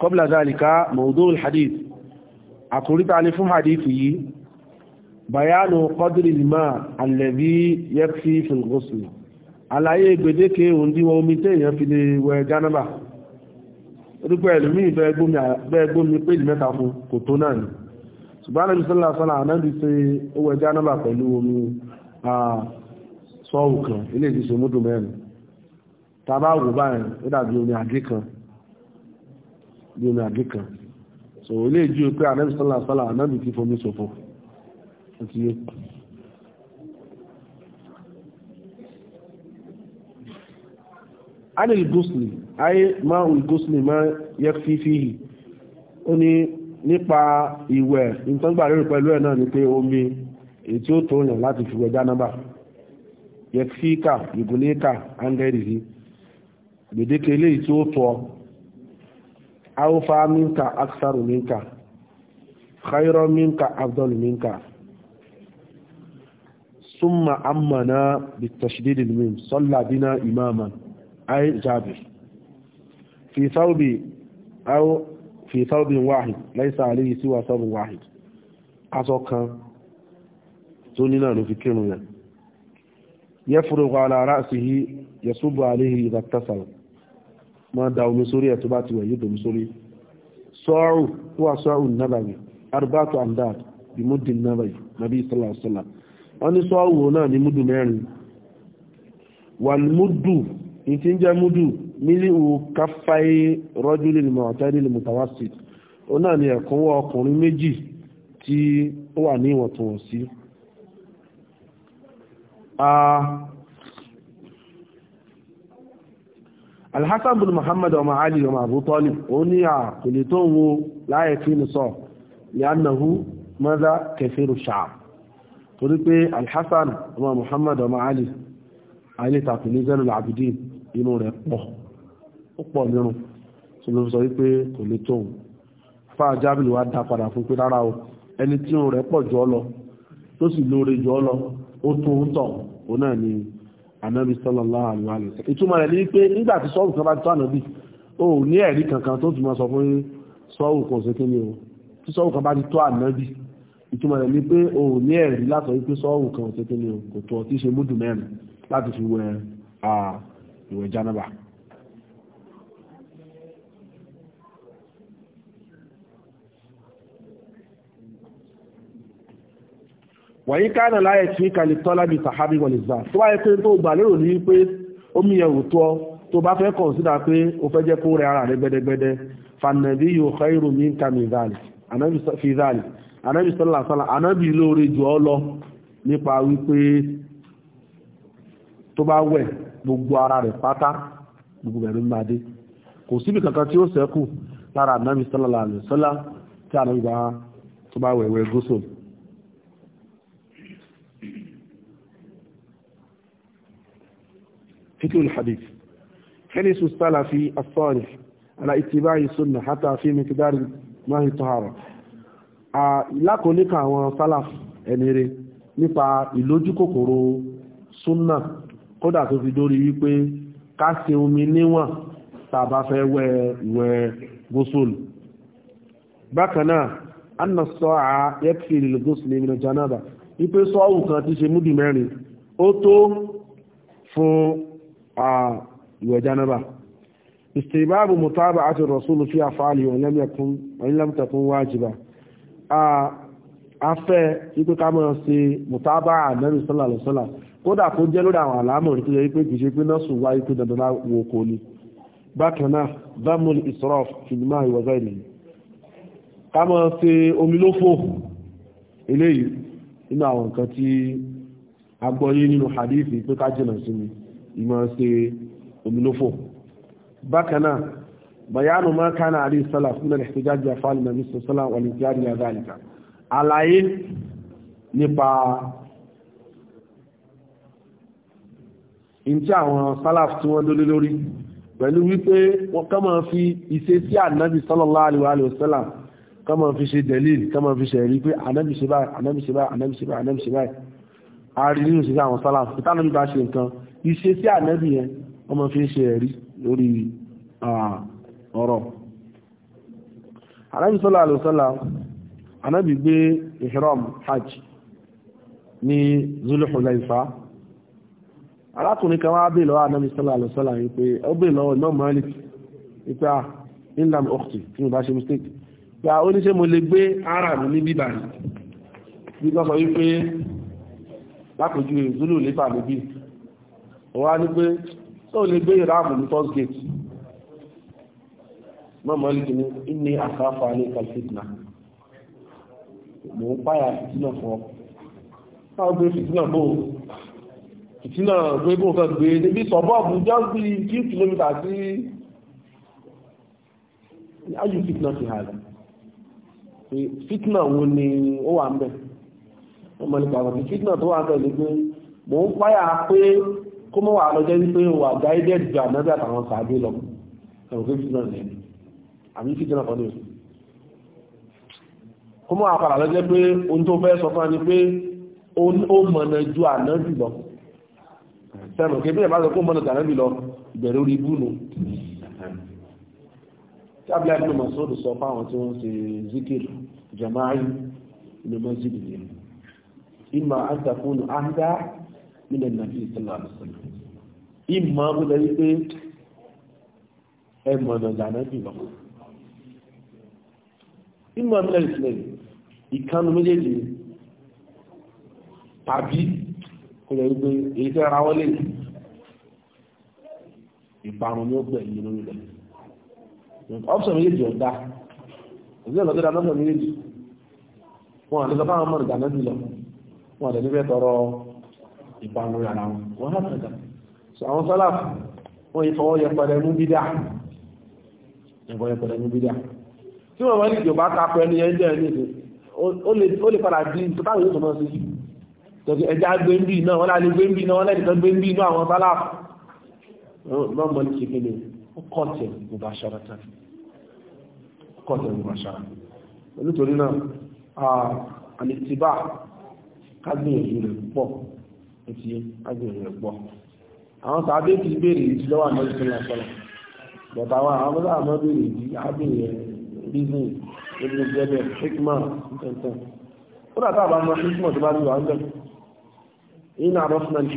kọ́bílà zálìká mawdu'ul hadith àkùrítà ní fún hadith yìí bayanu qadri lima alladhi yakfi fil ghusl àlàyé gbèdéke òǹdíwọ̀n omi téèyàn fi lè wẹ̀ jánàbà orúkọ ẹlùmí ìfẹ́gbómi pé ìlú mẹ́ta fún kò tó náà ni ṣùgbọ́n alẹ́bí sọ́lá sọ́lá ànábì ṣe owó ẹja nọ́bà pẹ̀lú omi sọ́ọ̀wù kan ilé ìdíṣẹ́ múdù mẹ́rin tàbá wò báyìí ó dàbí omi àgé kan bí omi àgbé kan so ilé ìjú pé ànábì sọ́lá sọ́lá ànábì ti fomi ṣòfò àti yé anil gusli ayé máa ul gusli máa yẹ fífíhì ó ní nípa ìwẹ̀ ìtọ́gbà rẹ̀ pẹ̀lú ẹ̀ náà ni pé omi ètí ó tó yàn láti fi wẹ̀ jánábà yẹ fíkà ìgúnníkà ángẹ́rì yìí gbèdéke eléyìí tí ó tọ́ أوفى منك أكثر منك خير منك أفضل منك ثم أمنا بالتشديد الميم صلى بنا إماما أي جابر في ثوب أو في ثوب واحد ليس عليه سوى ثوب واحد أصوكا تونينا نفكرنا يفرغ على رأسه يصب عليه إذا اتصل Ma da omi sórí ẹ̀ tó bá ti wẹ̀ yóò domi sórí sọ́ọ̀rù tó wà sọ́ọ̀rù nàbàyì arbatu amdad bí múdìn nàbàyì nàbí sallallahu alaihi wasallam wọ́n ní sọ́ọ̀rù náà ní múdù mẹ́rin wal múdù ní ti ń jẹ́ múdù mílíù káfáyé rọ́júlì ní mọ̀tẹ́lì ní mùtàwásì ó náà ní ẹ̀kúnwọ́ ọkùnrin méjì tí ó wà ní ìwọ̀ntúnwọ̀nsí ah, alhassan bin muhammad ọmọ ali ọmọ abu talib ó ní à kò lè tó ń wo láyé fi ní sọ yánnahu mọ́dá kẹfẹ́rù ṣáà torí pé alhassan ọmọ muhammad ọmọ ali alítàkù ní zẹ́nu làbìdí inú rẹ̀ pọ̀ ó pọ̀ nírun tí ló sọ wípé kò lè tó ń fa jábìlì wá dá padà fún pé rárá o ẹni tí irun rẹ̀ pọ̀ jù lọ tó sì lóore jù lọ ó tún ń tọ̀ òun náà ni ànábì sallallahu alaihi wa sallam ìtumọ̀ rẹ̀ ní pé nígbà tí sọ́ọ̀rù kan bá tó ànábì ó ní ẹ̀rí kankan tó tún máa sọ fún sọ́ọ̀rù kan ṣe kíni o tí sọ́ọ̀rù kan bá ti tó ànábì ìtumọ̀ rẹ̀ ní pé ó ní ẹ̀rí látọ̀ wípé sọ́ọ̀rù kan ṣe kíni o kò tó ọtí ṣe ìwẹ̀ jánábà wọ̀nyí káànà láyẹ̀ tí kàlẹ̀ tọ́lá bí sàhábì wọlé zà tó wáyé pé tó gbà lérò ní pé omi yẹn ò tọ́ tó bá fẹ́ kọ̀nsídà pé o fẹ́ jẹ́ kó rẹ ara rẹ gbẹdẹgbẹdẹ fànàbí yóò khairu minka min zalik fi zalik anábì sọ́lá sọ́lá anábì lóore jù ọ lọ nípa wípé tó bá wẹ̀ gbogbo ara rẹ̀ pátá gbogbo ẹ̀rọ máa dé kò síbi kankan tí ó sẹ́kù lára anábì sọ́lá tí anábì bá tó bá wẹ̀wẹ̀ gúúsùn فكر الحديث حرص السلف الصالح على اتباع السنة حتى في مقدار ما هي الطهارة lákòólé kan àwọn sálàf ẹni rẹ̀ nípa ìlójúkòkòrò súnà kódà tó fi dórí wípé ká ṣe omi níwọ̀n tàbá fẹ́ wẹ ìwẹ̀ gúúsùlù bákanáà anna sọ́ọ̀á yẹ́pì lè gúúsùlù ìmìnà janaba wípé sọ́ọ̀wù kan ti ṣe múdù mẹ́rin ó tó fún ìwẹ̀ jánábà istibaabu mutaba ati rasulu fi afaali wọn lẹ́m yakun wọn lẹ́m takun wájibà afẹ́ ikú ká máa ṣe mutaba ànábì sọ́là lọ́sọ́là kódà kó jẹ́ lórí àwọn àlámọ̀rí tó yẹ pé kìí ṣe pé náà sùn wáyé pé dandan wo kò ní bákan náà dámúl israf ìwọ̀zá ìlú ká máa ṣe eléyìí nínú àwọn nǹkan tí a nínú hadith pé jìnà sí mi ìmọ̀ ṣe òmìnófò bákanáà bayanu ma kana alayhi salaf min al-ihtijaj bi afal nabi sallallahu alaihi wa sallam wa dhalika àlàyé nípa inti àwọn salaf tí wọ́n dole lórí pẹ̀lú wípé wọ́n kàn máa fi ìṣesí ànábì sallallahu alaihi wa sallam kàn máa fi ṣe delil kàn máa fi ṣe rí pé ànábì ṣe báyìí ànábì ṣe báyìí ànábì ṣe báyìí ànábì ṣe báyìí a rí nínú ṣe àwọn salaf ìtànàbí bá ṣe nǹkan iṣẹ́ sí ànẹ́bì yẹn ọmọ fi ń ṣe ẹ̀rí lórí ọ̀rọ̀ ànábì sọ́lá àlùsọ́lá ànábì gbé ihram hajj ní zulhulaifa arákùnrin kan wá bèèrè lọ́wọ́ ànábì sọ́lá àlùsọ́lá yìí pé ó bèèrè lọ́wọ́ náà malik ipa inlam ọ̀kùtì tí mo bá ṣe mistake gba oníṣẹ́ mo lè gbé ara mi ní bíbà yìí bí kọ́ sọ wípé lápòjú ìzúlù lébà mi bíi wọ́n á ní pé tó lè gbé ìráàmù ní first gate mọ́mọ́ lè ní inú àkáfà ní kalfitna mò ń páyà fìtínà fún ọ káwọn gbé fìtínà bò fìtínà gbé bò kan gbé níbi sọ̀bọ́ọ̀bù just bí few kilometers sí ayù fìtínà fi hàlẹ̀ fìtínà wo ni ó wà ń bẹ̀ mọ́mọ́ lè pàtàkì fìtínà tó wà ń bẹ̀ ní pé ń kó mọ́ wà lọ́jẹ́ wípé wà guided ju ànábì àtàwọn sàábé lọ ẹ̀rọ pé fìdí náà ní àbí fìdí náà kọ́ni òsì kó mọ́ àpàrà lọ́jẹ́ pé ohun tó fẹ́ sọ fún ni pé ó mọ̀nà ju ànábì lọ sẹ́nu kí bí ẹ̀ bá sọ kó mọ̀nà ju ànábì lọ ìbẹ̀rẹ̀ orí bú nù tábìlì àbúrò masoud sọ fáwọn tí wọ́n ṣe zikir jama'i ní ìmọ̀ àtàkùn àhídá nílẹ̀ nàìjíríà sọ́lá àbùsọ̀lá ìmọ̀ abúlé wípé ẹ mọ̀ ọ̀nà ìdánábì lọ ìmọ̀ abúlé ìsìlẹ̀ ìkanu méjèèjì tàbí kò lè wípé èyí fẹ́ ra wọlé ìparun ni ó pẹ̀ yìí lórí rẹ̀ ọ́pṣọ̀n méjèèjì ọ̀dá òṣìṣẹ́ ìlọ́gbẹ́dá ọ́pṣọ̀n méjèèjì wọn àti sọ fáwọn ọmọ ìdánábì lọ wọn àti nífẹ̀ẹ́ tọrọ ìpanu ara wọn wọ́n hàtàkà so àwọn sálàf wọ́n ìfọwọ́ yẹpẹrẹ mú bídà ìfọwọ́ yẹpẹrẹ mú bídà tí wọ́n wọ́n ní ìjọba tako ẹni yẹn jẹ́ ẹni ìsìn ó lè padà di tọ́tàwé yóò tọ́mọ́ sí tọ́kì ẹja gbé ń bì náà wọ́n láti gbé ń bì náà wọ́n láti gbé ń bì náà àwọn sálàf lọ́mọ ní gbìyànjú rẹ̀ pọ̀ ti agbèrè pọ̀ àwọn sàbẹ́ ti béèrè ìdí lọ́wọ́ àmọ́jú tó yàn sọ́lá bọ̀tà àwọn àmọ́jú àmọ́jú ìdí ábìrì rízìn ìlú jẹ́bẹ̀ hikma tẹ̀tẹ̀ ó dàtà àbá mọ́ hikma tó bá ti wà ìyìn àrọ́ fún ẹni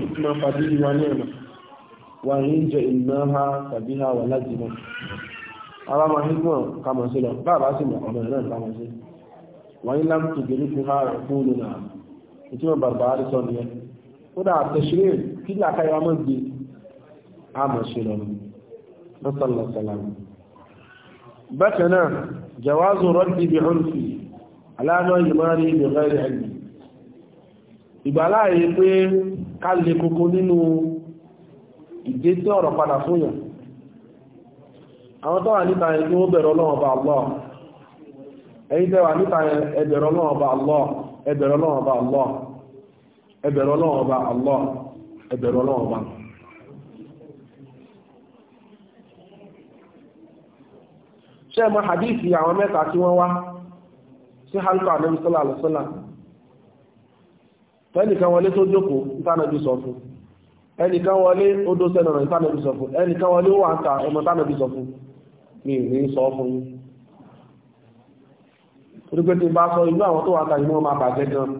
hikma ní ẹ̀mà wà ní jẹ ha tàbí ha wà láti mọ́ ara mọ́ hikma kàmọ̀ sí lọ bàbá sì mọ̀ ọ̀nà ìrìn sí wà ní fún ha rẹ̀ fún ìtumọ̀ bàbá nìyẹn kódà àtẹ̀ṣeré kí làkàyà mọ́ gbé àmọ̀ ṣe lọ lọ́sọ̀lọ́sọ̀lámù bákan náà jawazu rọ́dì bí ọ̀nfì aláàmọ́ ìmọ́rí bí rẹ́rì ẹ̀gbì ìgbàláyé pé ká lè kókó nínú ìdé tí ọ̀rọ̀ padà fún yàn àwọn tó wà níta yẹn tí wọ́n bẹ̀rẹ̀ ọlọ́run ọba ẹbẹ̀rẹ̀ ọlọ́run ọba Allah ẹbẹ̀rẹ̀ ọlọ́run ọba ṣe hadithi àwọn mẹ́ta tí wọ́n wá sí halka anabi sọ́lá alẹ́sọ́lá ẹnìkan wọlé tó jókòó sọ fún ẹnìkan wọlé odó sẹ́nà ìtànàbí sọ fún ẹnìkan wọlé wà ń ọmọ sọ fún mi ní sọ fún yín torí pé tí bá sọ inú wà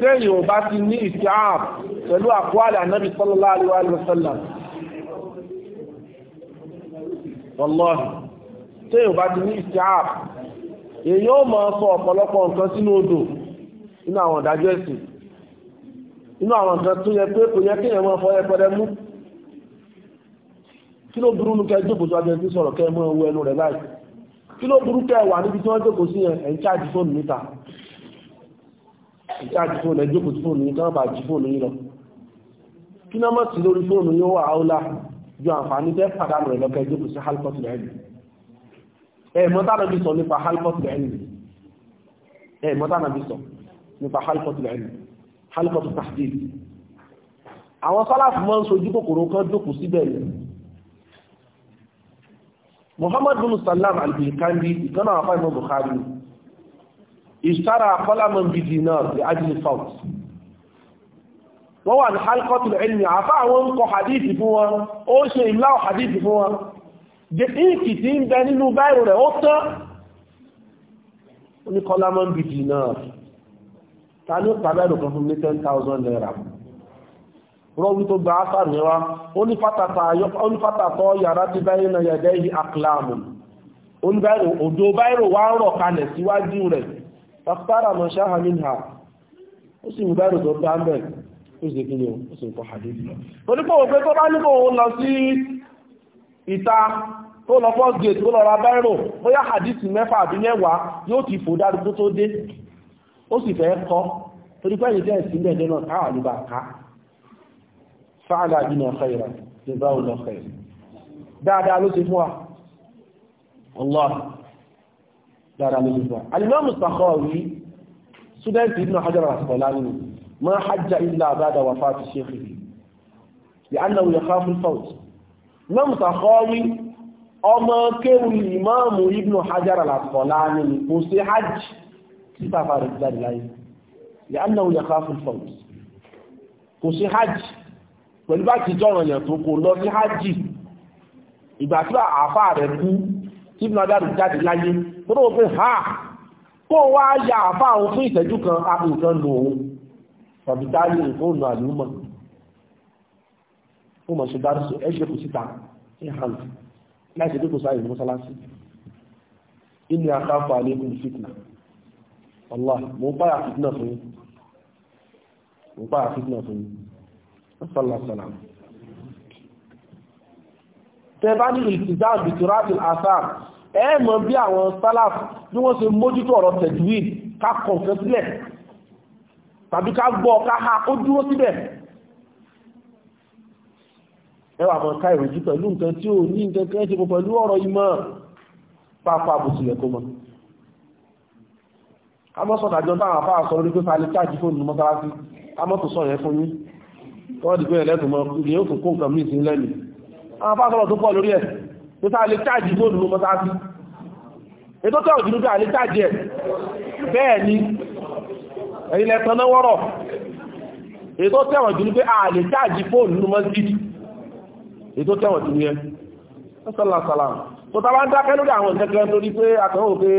tẹ́yìn ò bá ti ní ìtìáàb pẹ̀lú àkúwàlì ànábì sallallahu alaihi wa sallam wallahi tẹ́yìn ò bá ti ní ìtìáàb èyí ó máa sọ ọ̀pọ̀lọpọ̀ nǹkan sínú odò nínú àwọn ìdájọ́ ẹ̀sìn nínú àwọn nǹkan tó yẹ pé kò yẹ kí èèyàn máa fọ ẹpẹrẹ mú kí ló burú nu ìjáàjì fóònù ẹjókòó tí fóònù yìí tán bá jí fóònù yìí lọ kí náà mọ̀ sí lórí fóònù yìí ó wà áúlá ju àǹfààní tẹ́ pàdánù rẹ̀ lọ́kẹ́ ẹjókòó sí halkọ́tì rẹ̀ ẹ̀ mọ́tánà bí sọ nípa halkọ́tì rẹ̀ ẹ̀ mọ́tánà bí sọ nípa halkọ́tì rẹ̀ halkọ́tì tahdid àwọn sálàfù mọ́ ń sojú kòkòrò kan jókòó síbẹ̀ yìí Muhammad bin Sallam al-Bilkandi ìkànnà àfáìmọ̀ Bukhari ìṣára kọ́lámọ̀ bìdì náà bí ajílì south wọ́n wà ní halkọ́tù ilmi àfá àwọn kọ hadithi fún wọn ó ṣe ìlà hadithi fún wọn the inki ti ń bẹ nínú báyìí rẹ̀ ó tán ní kọ́lámọ̀ bìdì náà ta ní pàbẹ́rù kan fún ní 10,000 naira rọ́wí tó gba áfàrí wa ó ní pátákọ́ yàrá ti báyìí na yàdẹ́ yìí akíláàmù ó ní báyìí òjò báyìí wà ń rọ̀ kalẹ̀ síwájú rẹ̀ fàkítàrà lọ ṣáhà nínú ó sì ń gbẹ́rù tó bá ń bẹ̀ ó sì kí ni ó sì ń kọ́ hadith lọ onípò òpé tó bá nípò òun lọ sí ìta tó lọ first gate tó lọ ra bẹ́rù bóyá hadith mẹ́fà àbí mẹ́wàá yóò ti fò dárúkú tó dé ó sì fẹ́ kọ́ torí pé ìjẹ́ ìsìnlẹ̀ jẹ́ náà káà ní bá ká fa'ala bina khaira jazakallahu khair dáadáa ló ti fún wa Allah dára lójú fún wa alimami Sakhawi sudẹ́ntì ibn Hajar al-Asqalani ma hajja illa ba'da wafati shaykhihi li'annahu yakhafu al-fawt imam Sakhawi ọmọ kéwì imamu ibn Hajar al-Asqalani kò sí hajj tí tàfà rẹ̀ jáde láyé li'annahu yakhafu rẹ̀ kú tí ibn Hajar jáde láyé tó ló pé ha kó wá ya àbá òun fún ìṣẹ́jú kan nǹkan lò ó tàbí dálé ìfóònù àlùmọ̀ fún mọ̀ ṣe dárí ẹ ṣe kù síta ní hàn láti dé kò sáyé mọ́sálásí inú àkáfà alékùn fitna Allah mo ń páyà fitna fún yín mo ń páyà fitna fún yín sallàsàlàm tẹ bá ní ìtìzáàbì tó ẹ mọ̀ bí àwọn salaf bí wọ́n ṣe mójútó ọ̀rọ̀ tẹ̀júwìn ká kọ̀ǹkan sílẹ̀ tàbí ká gbọ́ ká ha ó dúró síbẹ̀ ẹ wá mọ̀ ká ìròjú pẹ̀lú nǹkan tí ò ní nǹkan kan ṣe pẹ̀lú ọ̀rọ̀ ìmọ̀ pápá àbùsùlẹ̀ kó mọ̀ àmọ́ sọ̀dájọ́ táwọn afáà sọ lórí pé fa lè káàkiri fóònù mọ́sálásí àmọ́ tó sọ yẹn fún yín tọ́wọ́ dìgbẹ́ ẹ̀lẹ́tùmọ̀ ilé òkùnkùn nǹkan mí sí lẹ́nu àwọn afáà sọ̀rọ̀ tó pọ̀ lórí ẹ̀ tó sáà lè chájì fóònù ló mọ́ta sí ètò tó ọ̀dùnú bí àlè chájì ẹ̀ bẹ́ẹ̀ ni ẹ̀yìn lẹ́tọ̀ náà wọ́rọ̀ ètò tẹ́wọ̀n jù ní pé àlè chájì fóònù ló mọ́ sí ètò tẹ́wọ̀n jù ní ẹ sọ́làsàlàm tó tàbá ń dákẹ́ lórí àwọn ìtẹ́kẹ́ lórí pé àkànwò pé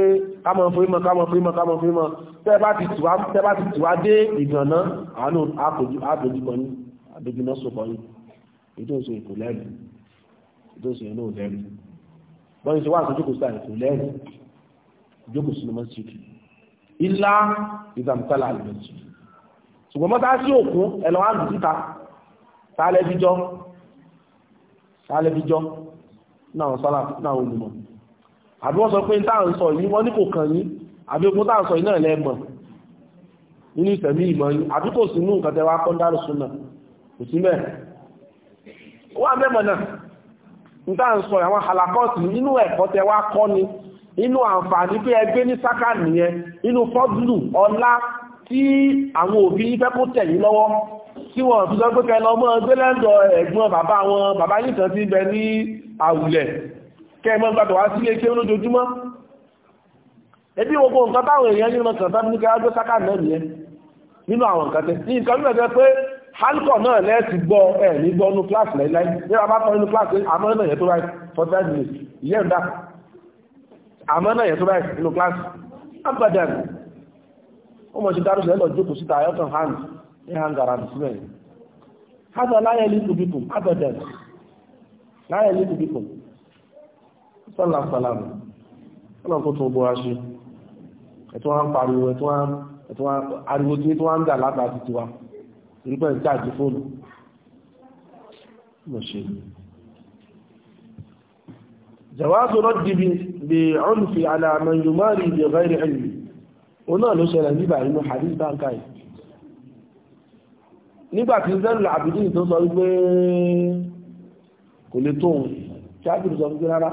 kámọ̀ fíìmọ̀ kámọ̀ fíìmọ̀ kámọ̀ fíìmọ̀ tẹ́ bá ti tìwá dé ìgànná àánú àdójúkọ yín àdójúná sọkọ yín ètò ìṣe ìkòlẹ́rìí tó sì yẹn náà lẹ́rù wọ́n ti wá àti jókòó sáà ètò lẹ́rù jókòó sínú mọ́sí ilá ìzàmùtálà àlùmọ́sí ṣùgbọ́n mọ́tá sí òkun ẹ̀lọ́ àdùn síta sálẹ́bíjọ́ sálẹ́bíjọ́ náà sálà náà olùmọ̀ àbí wọ́n sọ pé táà ń sọ yìí wọ́n ní kò kàn yín àbí ogun táà ń sọ yìí náà lẹ́mọ̀ nínú ìtẹ̀mí ìmọ̀ yìí àbí kò sí inú nǹkan tẹ́wàá kọ́ńdárùsùn náà kò sí mẹ́ẹ̀ wọ́n á mẹ́mọ̀ náà níta ń sọ àwọn halakọ́ọ̀tì nínú ẹ̀kọ́ tẹ wá kọ́ ni inú àǹfààní pé ẹgbẹ́ ní sáká nìyẹn inú fọ́dúlù ọlá tí àwọn òbí fẹ́ kó tẹ̀yí lọ́wọ́ tí wọ́n fi sọ pé kẹ́ lọ mọ́ ẹgbẹ́ lẹ́ndọ̀ ẹ̀gbọ́n bàbá wọn bàbá yìí kan ti bẹ ní àwùlẹ̀ kẹ́ mọ́ gbàdọ̀ wá sílé kí lójoojúmọ́ halkọ̀ náà lẹ́ẹ̀sì gbọ́ ẹ̀ ní gbọ́ nú kíláàsì láìláì ní ọba tọ́ nínú kíláàsì àmọ́ náà yẹ tó ráì 45 minutes ìyẹ́ ń dá àmọ́ náà yẹ tó ráì nínú kíláàsì abadan ó mọ̀ sí dárúṣẹ́ lọ jókòó síta ayọ́tàn hand ní hangara ní sílẹ̀ hasa to ní kùbíkù abadan láyé ní kùbíkù sọ́là sàlámù ọlọ́n kó tún bó wá ṣe ẹ̀tún wá ń pariwo ẹ̀tún wá ariwo tí wọ́n ń dà látà títí wa nígbà ìtàjú fóònù mọ̀ ṣe jawazu raddi bi unfi ala man yumari bi ghairi ilmi o náà ló ṣẹlẹ̀ nígbà inú hadith banka yìí nígbà tí zẹ́lù àbìdí tó sọ wípé kò lè tóun tí a bìrì sọ wípé rárá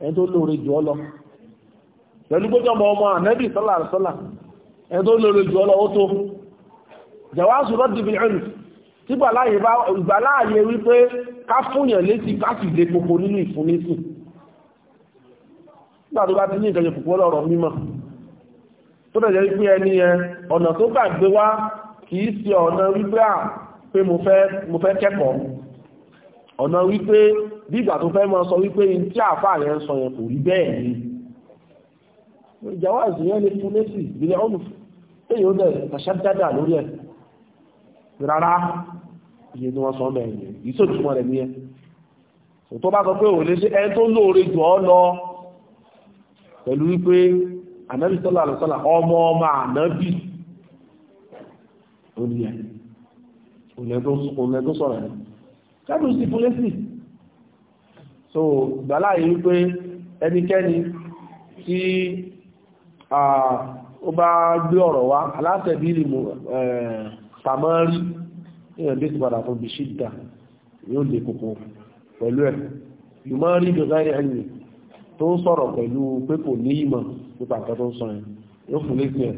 ẹni tó lóore jù ọ lọ pẹ̀lú gbọ́jọ́ ọmọ ọmọ ànẹ́bì sọ́là sọ́là ẹni tó lóore jù ọ lọ ó tó fún jẹ̀wáṣù rọ́dì bí ẹ̀rù tí ìgbàláàyè wípé ká fúnyàn létí ká sì lè pòpò nínú ìfúnnísì nígbà tó bá ti ní ìtẹ̀jẹ̀ pòpò lọ́rọ̀ mímọ̀ tó tẹ̀jẹ̀ wípé ẹni yẹn ọ̀nà tó gbàgbé wá kì í ṣe ọ̀nà wípé à pé mo fẹ́ kẹ́kọ̀ọ́ ọ̀nà wípé bí ìgbà tó fẹ́ mọ́ sọ wípé in tí àfáà yẹn sọ yẹn kò rí bẹ́ẹ̀ ni ìjàwá ìsìnyẹ́ lè fún lẹ́sì ìbílẹ̀ ọ̀nù èyí ó dẹ̀ tàṣádádà lórí ẹ̀ rárá iye tí wọ́n sọ mẹ́rin yẹn yìí sòtúmọ̀ rẹ̀ nìyẹn tó bá sọ pé òun lè ṣe ẹni tó lóore jù ọ lọ pẹ̀lú wípé ànábì sọ́lá àlọ́sọ́lá ọmọ ọmọ ànábì so gbàlá yìí wípé ẹnikẹ́ni tí ó bá gbé ọ̀rọ̀ wá aláṣẹ̀bí ìlú pàmọ́ rí èèyàn dé ti padà fún bí ṣídà yóò lè kòkó pẹ̀lú ẹ̀ ìmọ̀ rí dọ̀gáyé ẹ̀yìn tó ń sọ̀rọ̀ pẹ̀lú pé kò ní ìmọ̀ nípa nǹkan tó ń sọ yẹn yóò fún lé tiẹ̀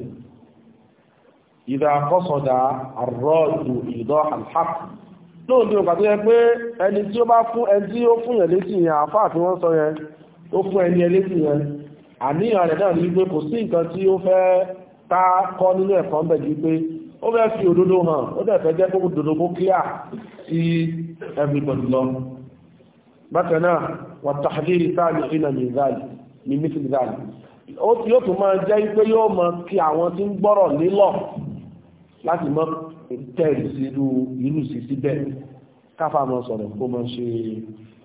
ìdá kọ́sọ̀dà àrọ́ọ̀dù ìdọ́ alhaq lóò ní òkà tó yẹ pé ẹni tí ó bá fún ẹni tí ó fún yẹn létí yẹn àfáà tí wọ́n sọ yẹn ó fún ẹni yẹn létí yẹn àníyàn rẹ̀ náà ní pé kò sí nǹkan tí ó fẹ́ tá kọ́ nínú ẹ̀kọ́ ń bẹ̀ ju pé ó fẹ́ fi òdodo hàn ó dẹ̀ fẹ́ jẹ́ kó òdodo kó clear sí everybody lọ bákan náà wà tàhálìrì sáàlì ìrìnà ní ìzáàlì ní mísìn ìzáàlì ó ti yóò tún máa jẹ́ pé yóò mọ kí àwọn tí ń gbọ́rọ̀ nílọ̀ láti mọ tẹ̀lé sí irú irú sí síbẹ̀ káfà máa sọ̀rọ̀ kó máa ṣe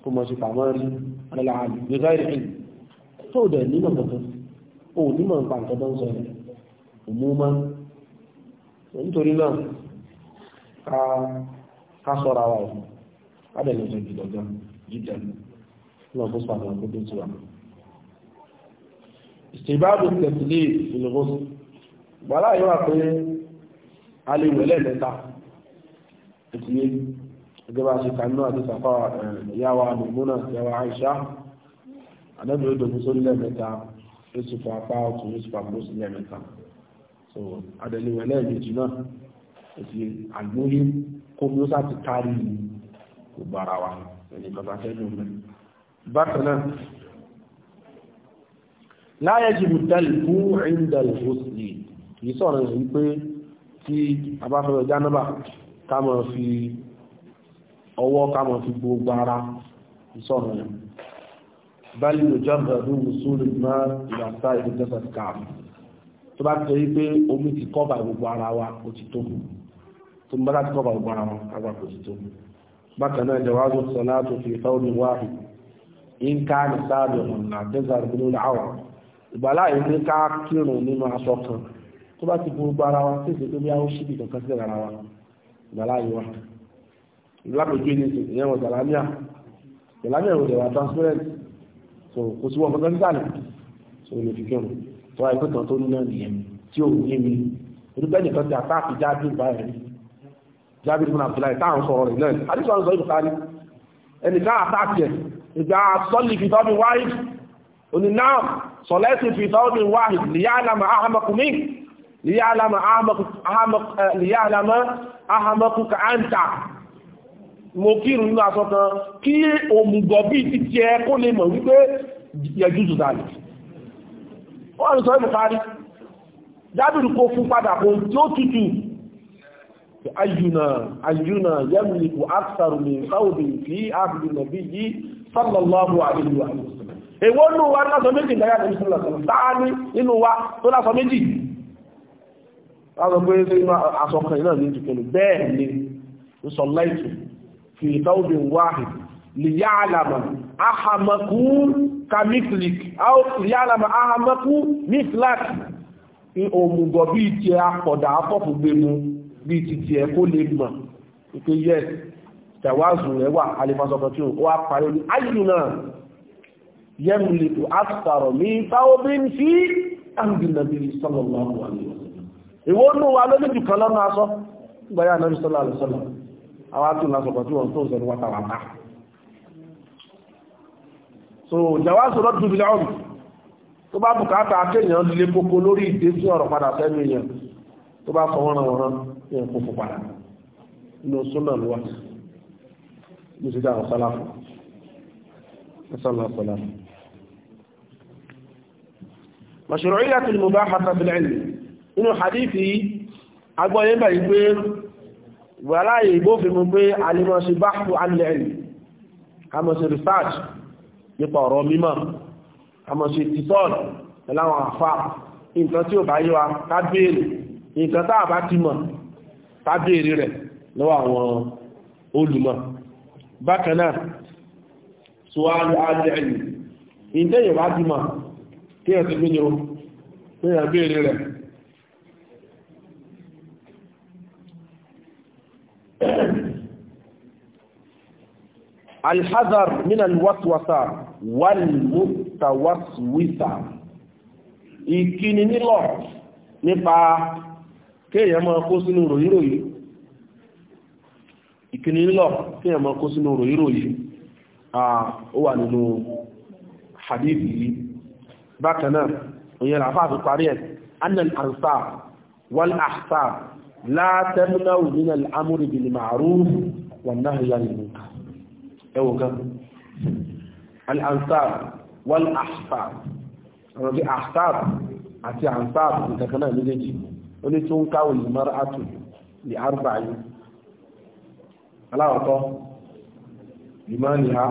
kó máa ṣe pàmọ́ rí alẹ́ nítorí náà ká ká sọ́ra wa ọ̀hún adẹ̀lẹ̀ ọ̀sẹ̀ ìdọ̀gá jíjẹ náà kó sàmì àkókò tí wà. ìṣèbáàbò tẹ̀sílẹ̀ ìlúgbòsì gbọ́lá yóò wà pé a lè wẹ̀lẹ̀ mẹ́ta ìtìlẹ̀ gẹ́gẹ́ bá ṣe kanú àti sàfà yàwá àdùnmúnà yàwá àìṣá àdẹ́bìrì dòkú sórí lẹ́mẹ́ta yóò sì fọ apá ọ̀tún sì fọ àpò sí lẹ́mẹ́ta so adẹ̀lẹ̀wẹ̀ lẹ́ẹ̀mejì náà èsì àgbóyé kó bí ó sá ti kárí gbogbo ara wa ẹni kọta fẹ́lú mẹ́ bákanáà láyé jìbù tẹ́lì fún ìndẹ̀lì òsì yìí sọ̀rọ̀ wípé tí a bá fẹ́ jánábà ká má fi ọwọ́ ká má fi gbogbo ara ìsọ̀rọ̀ yẹn do lójọ́ bẹ̀rù mùsùlùmí ìlàsáì ìjọba káàmù tó bá tẹ́ wípé omi ti kọ́bà gbogbo ara wa ó ti tó tó bá láti kọ́bà gbogbo ara wa agbà kò ti tó bákan náà jawazu salatu fi fawni wahid in kana sabiqan la tazhar bil awra ìgbàlá yìí ní ká kírun nínú aṣọ kan tó bá ti bu gbogbo ara wa tí ìṣe tó bí àwọn ṣíbì kankan sí ara wa ìgbàlá yìí wà lápèjú ní ìyẹn wọn jàlámíà jàlámíà ò dẹ̀ wà transparent so kò sí wọn kankan sí sàlẹ̀ so olè fi kírun tó wáyé pẹ́tàn tó níná nìyẹn tí ò ní mi olùgbẹ́ nìkan ti àtàkì jáde báyìí jáde fún Abdullahi táwọn sọ̀rọ̀ rẹ̀ náà àdìsọ àwọn sọ̀rọ̀ ìbùkárí ẹnì ká àtàkì ẹ̀ ìgbà sọ́lì fi tọ́bi wáyé òní náà sọ̀lẹ́sì fi tọ́bi wáyé lìyálàmà ahamakumí lìyálàmà ahamakuka anta mo kírun nínú aṣọ kan kí òmùgọ̀ bíi ti jẹ kó lè mọ̀ wípé yẹjú zùdálì wọ́n sọ ìbùkárí jábìrì kó fún padà kó tí ó tutù ayyuna ayyuna yamliku aksaru min saudi fi abdi nabiyyi sallallahu alaihi wa sallam èwo nu wa na sọ méjì da ya nabi sallallahu alaihi wa sallam tani inú wa tó la sọ méjì àwọn pé ṣe inú àsọkàn iná ní ìjìkẹlù bẹ́ẹ̀ ni ìsọ̀láìtù fi saudi wahid li ya'lama ahamaku kamiflik yálàmà ahamaku miflak òmùgọ̀ bí ti apọ̀dà afọ́fùgbénu bí ti ti ẹ̀ kó lè mọ̀ ìpé yes tẹ̀wázù rẹ̀ wà alifasọ̀kan tí ó wá parí ayuna ayúnà yẹmùlẹ̀tò àtàrọ̀ ní fáwọ́bín sí àndìnàbí sallallahu alaihi wasallam ìwọ́n nù wa lójújù kan lọ́nà asọ́ gbáyà náà sallallahu alaihi wasallam ta so jawazu rọ́dù bí lọ́rùn tó bá bùkátà akéèyàn lè kókó lórí ìdé sí ọ̀rọ̀ padà sẹ́nu èèyàn tó bá fọ wọ́n wọ́n yẹn kó fún padà inú súnà lọ́wọ́ ní sí dáhùn sálàfù sálàfù sálàfù mashru'iyyat al-mubahata fil ilm inú hadithi agbọ́yé bá yí pé wàláyé ìgbófin mú pé alimọ̀ṣe bá fún alẹ́ ilm a mọ̀ nípa ọ̀rọ̀ mímọ̀ àmọ̀ṣe tìtọ́ọ̀lù pẹ̀láwọn àfà nǹkan tí ò bá yíwa ká béèrè nǹkan tá àbá ti mọ̀ ká béèrè rẹ̀ lọ́wọ́ àwọn olùmọ̀ bákan náà sọ́wọ́lù alẹ́ẹ̀lì ìdẹ́ ìwà ti mọ̀ kí ẹ̀ ti gbìyànjú alhazar min alwaswasa walmutawaswisa ìkíni nílọ̀ nípa kéèyàn máa kó sínú ròyìnròyìn ìkíni nílọ̀ kéèyàn máa kó sínú ròyìnròyìn ó wà nínú hadithi yìí bákanáà òyìn àfáà fi parí ẹ̀ annal ansar wal ahsar la tamna'u min al-amri bil ma'ruf wan nahyi anil ẹwọ kan al-ansar wal ahsar àwọn bí ahsar àti ansar nǹkan náà méjèèjì ó ní tó ń káwò lè mara àtù lè arba yìí aláwọ̀tọ́ limaniha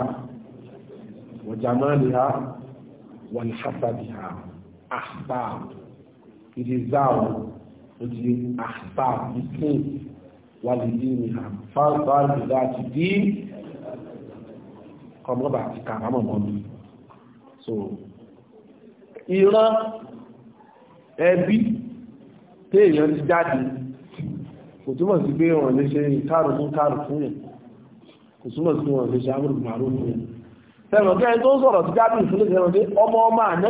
kọmọ́bà àti kàrámọ̀ mọ́bí so ìran ẹbí tí èèyàn ti jáde kò túmọ̀ sí pé wọ́n lè ṣe ìkárù fún kárù fún yẹn kò túmọ̀ sí wọ́n lè ṣe amúrù màrú fún yẹn fẹ́ràn kẹ́ tó sọ̀rọ̀ sí jáde ìfúnlẹ̀ fẹ́ràn pé ọmọ ọmọ ni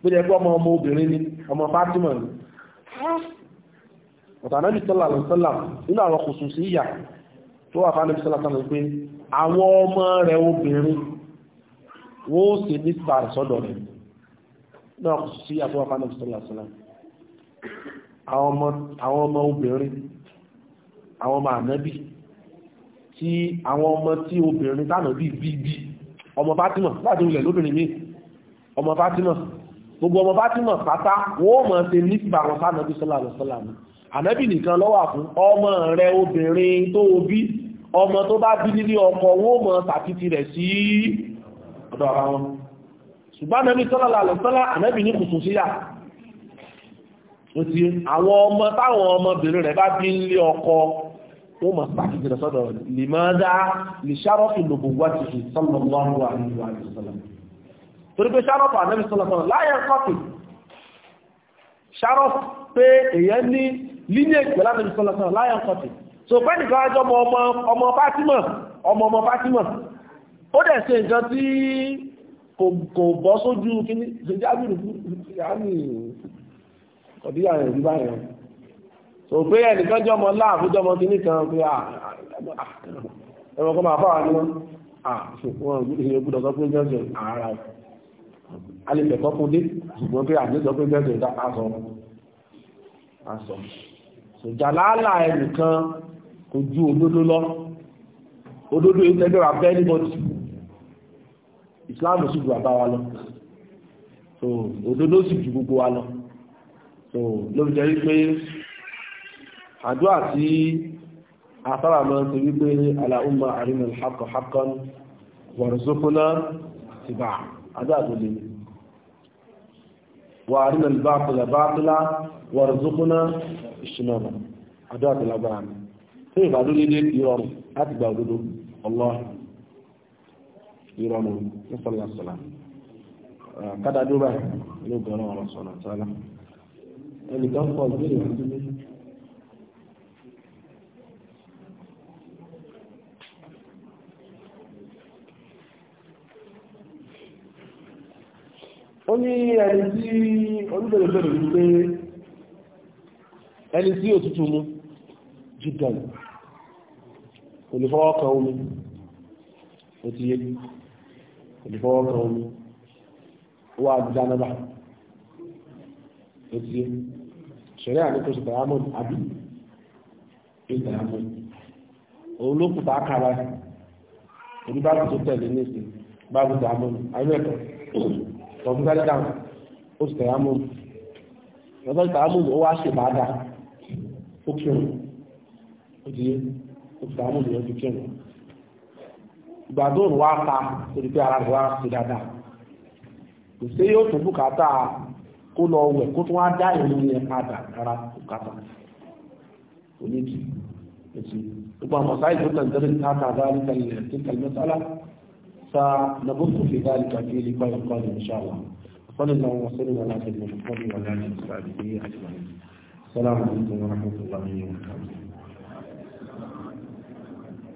pé jẹ́ pé ọmọ ọmọ obìnrin ni ọmọ Fátímà ni tó wà fánàbí sọ́látánà pé àwọn ọmọ rẹ̀ obìnrin wọ́n ó sì ní sàárì sọ́dọ̀ rẹ̀ náà kò sí àtọ́ wà fánàbí sọ́látánà àwọn ọmọ obìnrin àwọn ọmọ ànábì tí àwọn ọmọ tí obìnrin tánàbí bí láti ilẹ̀ lóbìnrin mi ọmọ Fátímà gbogbo ọmọ Fátímà pátá wọ́n ó mọ̀ ṣe ní sàárì sọ́látánà ànábì nìkan ló wà fún ọmọ rẹ̀ obìnrin tó bí ọmọ tó bá bí nílé ọkọ wọn mọ̀ sàtìtì rẹ̀ sí ọ̀dọ̀ ara wọn ṣùgbọ́n Ànábì sallallahu alaihi wasallam Ànábì ní khususiyya ti àwọn ọmọ táwọn ọmọbìnrin rẹ̀ bá bí nílé ọkọ wọn mọ̀ sàtìtì rẹ̀ sọ́dọ̀ limada li sharafi nubuwwatihi sallallahu alaihi wasallam torí pé sharafu Ànábì sallallahu alaihi wasallam láyé kọ́pì sharafu pé èèyàn ní lílé so pẹ́ni kan ajọ́ ọmọ ọmọ fátímọ̀ ọmọ ọmọ fátímọ̀ ó dẹ̀ ṣe nǹkan tí kò bọ́ sójú kíní ṣèjábìrì yàmì ọ̀díyà rẹ̀ rí báyẹn so pé ẹnìkan jọ ọmọ láàfin jọ ọmọ kíní kan pé ah, ẹ̀rọ kan máa fáwọn ni wọ́n ah, wọn ìṣe gbúdọ̀ sọ pé jẹ́sẹ̀ ààrà alẹ́fẹ̀kọ́ fún dé ṣùgbọ́n pé àjẹ́sọ pé jẹ́sẹ̀ àṣọ àṣọ ṣèjàlálà ẹnìkan kò ju òdodo lọ òdodo yìí tẹ́lẹ̀ abẹ́ níbọ̀dì ìsìláàmù sì ju bàbá wa lọ so òdodo sì ju gbogbo wa lọ so ló jẹ́ wípé àdúrà tí afárá máa ń ṣe wípé aláhùnmá àrínà ìhàkọ̀ hakan wàrùsókúná ti bá àdúrà tó lè wà àrínà ìbáfìlà báfìlà wàrùsókúná ìṣúná àdúrà tó lágbára ni tí ìbádúrédé ìrọ̀rùn láti gba òdodo Allah ìrọ̀rùn nísàlásàlá kádàdó báyìí ló gbọ́nà ọ̀rọ̀ sọ̀rọ̀ sálá ẹnìkan kọ ìbéèrè wọn sílé. ó ní ẹni tí olúbẹ̀rẹ̀ bẹ̀rẹ̀ wípé ẹni tí òtútù jìdàn olùfọwọ́kan omi ó ti yé olùfọwọ́kan omi ó wà jánábà ó ti yé ṣẹlẹ̀ àníkóṣe tàyámọ́dù àbí ìtàyámọ́dù òun ló kùtà kára orí báàbù tó tẹ̀lé ní ìsìn báàbù tàyámọ́dù àyẹ̀kọ́ tọ̀gbọ́n dáhùn ó ti tàyámọ́dù lọ́sọ̀rọ̀ tàyámọ́dù ó wá ṣèbádà ó kírun ó ti yé ó ti sàmù ìyẹn ti kírun ìgbà tó ń wá ta ó ti pé ara rẹ̀ wá sí dáadáa kò sí yóò tún bùkátà kó lọ wẹ̀ kó tún wá dá ìlú yẹn padà rárá bùkátà onídìí ètò gbogbo àwọn sáyé tó tẹ̀ a ní àtà àdáyé kalẹ̀ tí kalẹ̀ sálá sa nabókù fi dáàlì kàfí ilé báyọ̀ kọ́lù ìṣàlá صلى الله وسلم على سيدنا محمد وعلى اله وصحبه اجمعين السلام عليكم ورحمه الله وبركاته